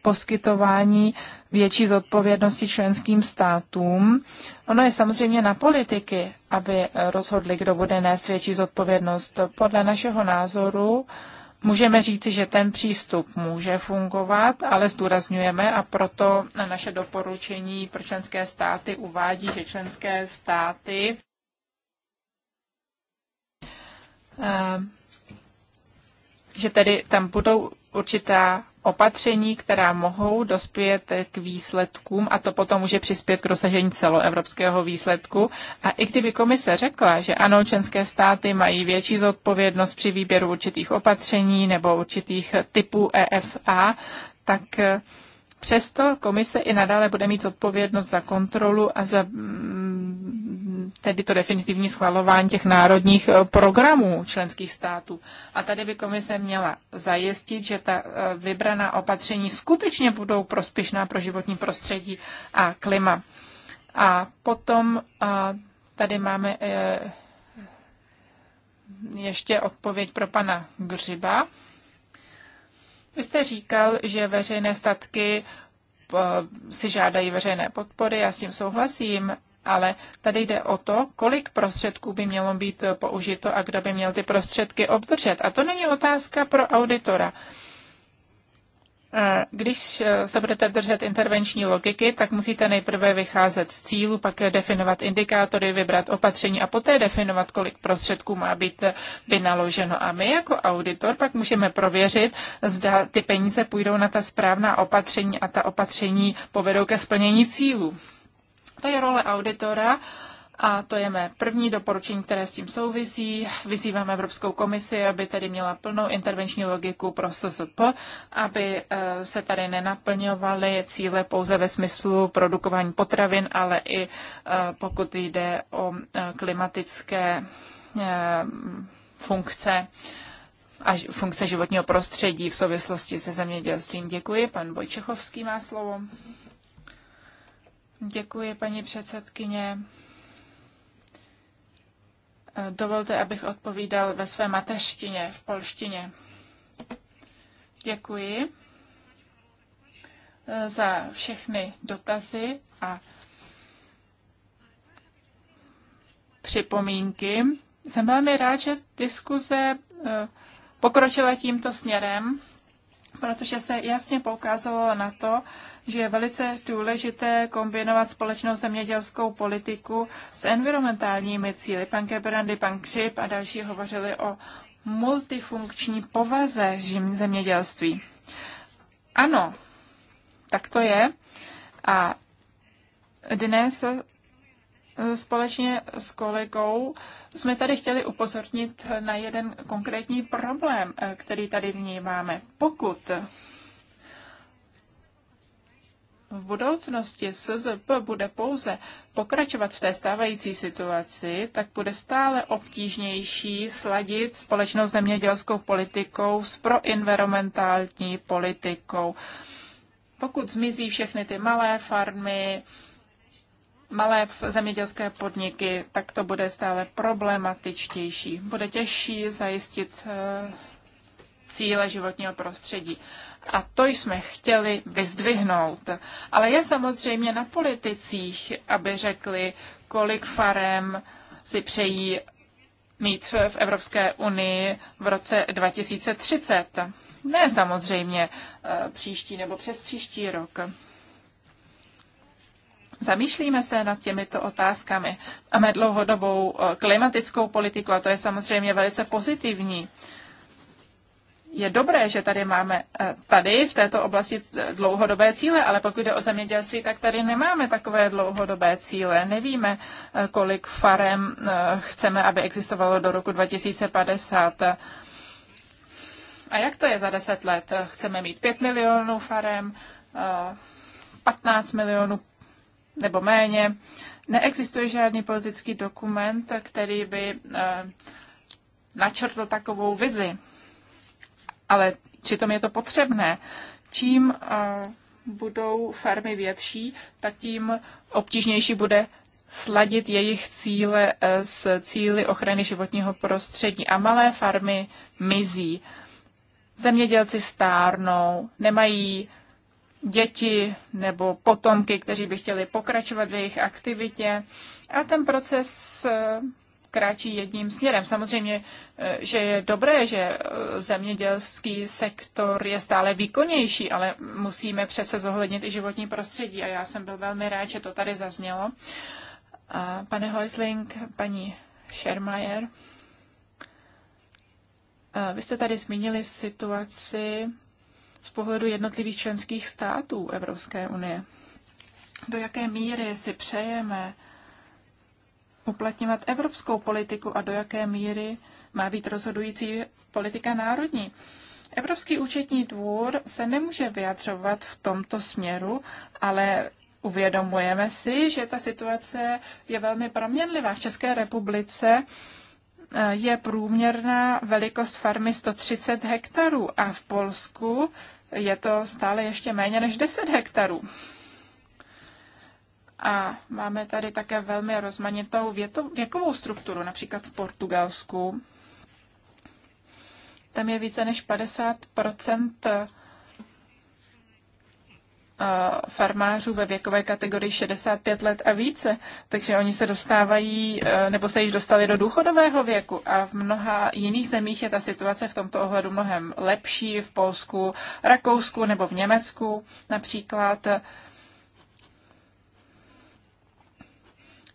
poskytování větší zodpovědnosti členským státům. Ono je samozřejmě na politiky, aby rozhodli, kdo bude nést větší zodpovědnost. Podle našeho názoru můžeme říci, že ten přístup může fungovat, ale zdůrazňujeme a proto naše doporučení pro členské státy uvádí, že členské státy eh, že tedy tam budou určitá opatření, která mohou dospět k výsledkům a to potom může přispět k dosažení celoevropského výsledku. A i kdyby komise řekla, že ano, členské státy mají větší zodpovědnost při výběru určitých opatření nebo určitých typů EFA, tak Přesto komise i nadále bude mít odpovědnost za kontrolu a za mm, tedy to definitivní schvalování těch národních eh, programů členských států. A tady by komise měla zajistit, že ta eh, vybraná opatření skutečně budou prospěšná pro životní prostředí a klima. A potom eh, tady máme ještě odpověď pro pana Gřiba. Vy jste říkal, že veřejné statky eh, si žádají veřejné podpory, já s tím souhlasím, ale tady jde o to, kolik prostředků by mělo být použito a kdo by měl ty prostředky obdržet. A to není otázka pro auditora. Eh, když eh, se budete držet intervenční logiky, tak musíte nejprve vycházet z cílu, pak definovat indikátory, vybrat opatření a poté definovat, kolik prostředků má být eh, vynaloženo. A my jako auditor pak můžeme prověřit, zda ty peníze půjdou na ta správná opatření a ta opatření povedou ke splnění cílů. To je role auditora a to je mé první doporučení, které s tím souvisí. Vyzýváme Evropskou komisi, aby tedy měla plnou intervenční logiku pro SSP, aby e, se tady nenaplňovaly cíle pouze ve smyslu produkování potravin, ale i e, pokud jde o e, klimatické funkce a funkce životního prostředí v souvislosti se zemědělstvím. Děkuji. Pan Vojčechovský má slovo. Děkuji, paní předsedkyně. Dovolte, abych odpovídal ve své mateřštině, v polštině. Děkuji eh, za všechny dotazy a připomínky. Jsem velmi rád, že diskuze eh, pokročila tímto směrem protože se jasně poukázalo na to, že je velice důležité kombinovat společnou zemědělskou politiku s environmentálními cíly. Pan Kebrandy, pan Křip a další hovořili o multifunkční povaze zemědělství. Ano, tak to je. A dnes Eh, společně s kolegou jsme tady chtěli upozornit na jeden konkrétní problém, eh, který tady vnímáme. Pokud v budoucnosti SZP bude pouze pokračovat v té stávající situaci, tak bude stále obtížnější sladit společnou zemědělskou politikou s proenvironmentální politikou. Pokud zmizí všechny ty malé farmy, malé zemědělské podniky, tak to bude stále problematičtější. Bude těžší zajistit eh, cíle životního prostředí. A to jsme chtěli vyzdvihnout. Ale je samozřejmě na politicích, aby řekli, kolik farem si přejí mít v Evropské unii v roce 2030. Ne samozřejmě eh, příští nebo přes příští rok. Zamýšlíme se nad těmito otázkami. Máme dlouhodobou eh, klimatickou politiku a to je samozřejmě velice pozitivní. Je dobré, že tady máme eh, tady v této oblasti eh, dlouhodobé cíle, ale pokud jde o zemědělství, tak tady nemáme takové dlouhodobé cíle. Nevíme, kolik farem chceme, aby existovalo do roku 2050. A jak to je za deset let? Chceme mít 5 milionů farem, 15 milionů nebo méně. Neexistuje žádný politický dokument, který by eh, načrtl takovou vizi. Ale přitom je to potřebné. Čím eh, budou farmy větší, tak tím obtížnější bude sladit jejich cíle eh, s cíly ochrany životního prostředí. A malé farmy mizí. Zemědělci stárnou, nemají děti nebo potomky, kteří by chtěli pokračovat v jejich aktivitě. A ten proces eh, kráčí jedním směrem. Samozřejmě, eh, že je dobré, že eh, zemědělský sektor je stále výkonnější, ale musíme přece zohlednit i životní prostředí a já jsem byl velmi rád, že to tady zaznělo. A pane Heusling, paní Schermayer, vy jste tady zmínili situaci z pohledu jednotlivých členských států Evropské unie. Do jaké míry si přejeme uplatňovat evropskou politiku a do jaké míry má být rozhodující politika národní. Evropský účetní dvůr se nemůže vyjadřovat v tomto směru, ale uvědomujeme si, že ta situace je velmi proměnlivá. V České republice eh, je průměrná velikost farmy 130 hektarů a v Polsku je to stále ještě méně než 10 hektarů. A máme tady také velmi rozmanitou věto, věkovou strukturu, například v Portugalsku. Tam je více než 50 Eh, farmářů ve věkové kategorii 65 let a více, takže oni se dostávají, eh, nebo se již dostali do důchodového věku a v mnoha jiných zemích je ta situace v tomto ohledu mnohem lepší, v Polsku, Rakousku nebo v Německu například.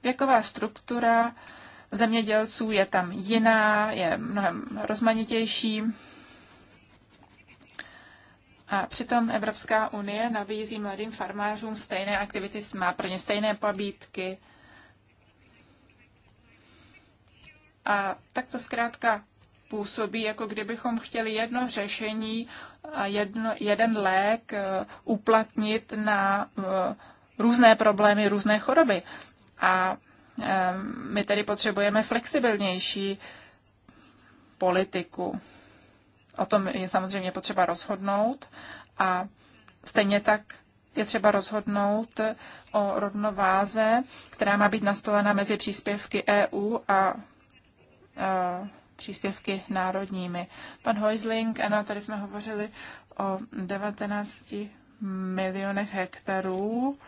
Věková struktura zemědělců je tam jiná, je mnohem rozmanitější a přitom Evropská unie nabízí mladým farmářům stejné aktivity, má pro ně stejné pobídky. A tak to zkrátka působí, jako kdybychom chtěli jedno řešení a jedno, jeden lék eh, uplatnit na eh, různé problémy, různé choroby. A eh, my tedy potřebujeme flexibilnější politiku. O tom je samozřejmě potřeba rozhodnout a stejně tak je třeba rozhodnout o rovnováze, která má být nastolena mezi příspěvky EU a a příspěvky národními. Pan Heusling, ano, tady jsme hovořili o 19 milionech hektarů,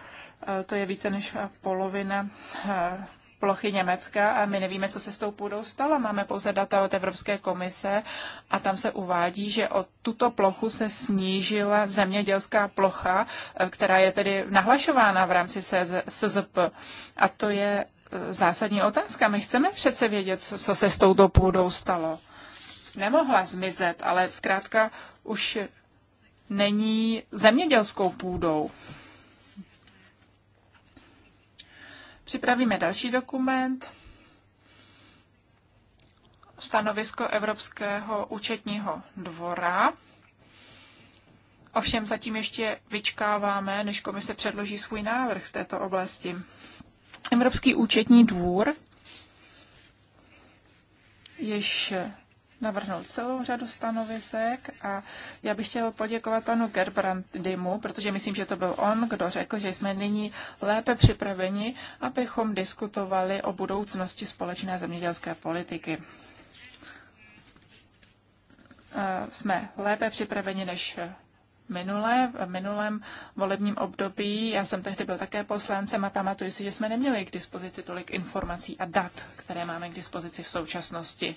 e, to je více než polovina e, plochy Německa a my nevíme, co se s tou půdou stalo. Máme pouze data od Evropské komise a tam se uvádí, že o tuto plochu se snížila zemědělská plocha, eh, která je tedy nahlašována v rámci SZP. A to je eh, zásadní otázka. My chceme přece vědět, co se s touto půdou stalo. Nemohla zmizet, ale zkrátka už není zemědělskou půdou. Připravíme další dokument, stanovisko Evropského účetního dvora. Ovšem zatím ještě vyčkáváme, než komise předloží svůj návrh v této oblasti. Evropský účetní dvůr jež navrhnul celou řadu stanovisek a já bych chtěl poděkovat panu Gerbrandimu, protože myslím, že to byl on, kdo řekl, že jsme nyní lépe připraveni, abychom diskutovali o budoucnosti společné zemědělské politiky. Eh, jsme lépe připraveni než minule, v minulém volebním období. Já jsem tehdy byl také poslancem a pamatuju si, že jsme neměli k dispozici tolik informací a dat, které máme k dispozici v současnosti.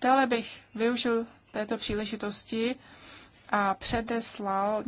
Dále bych využil této příležitosti a předeslal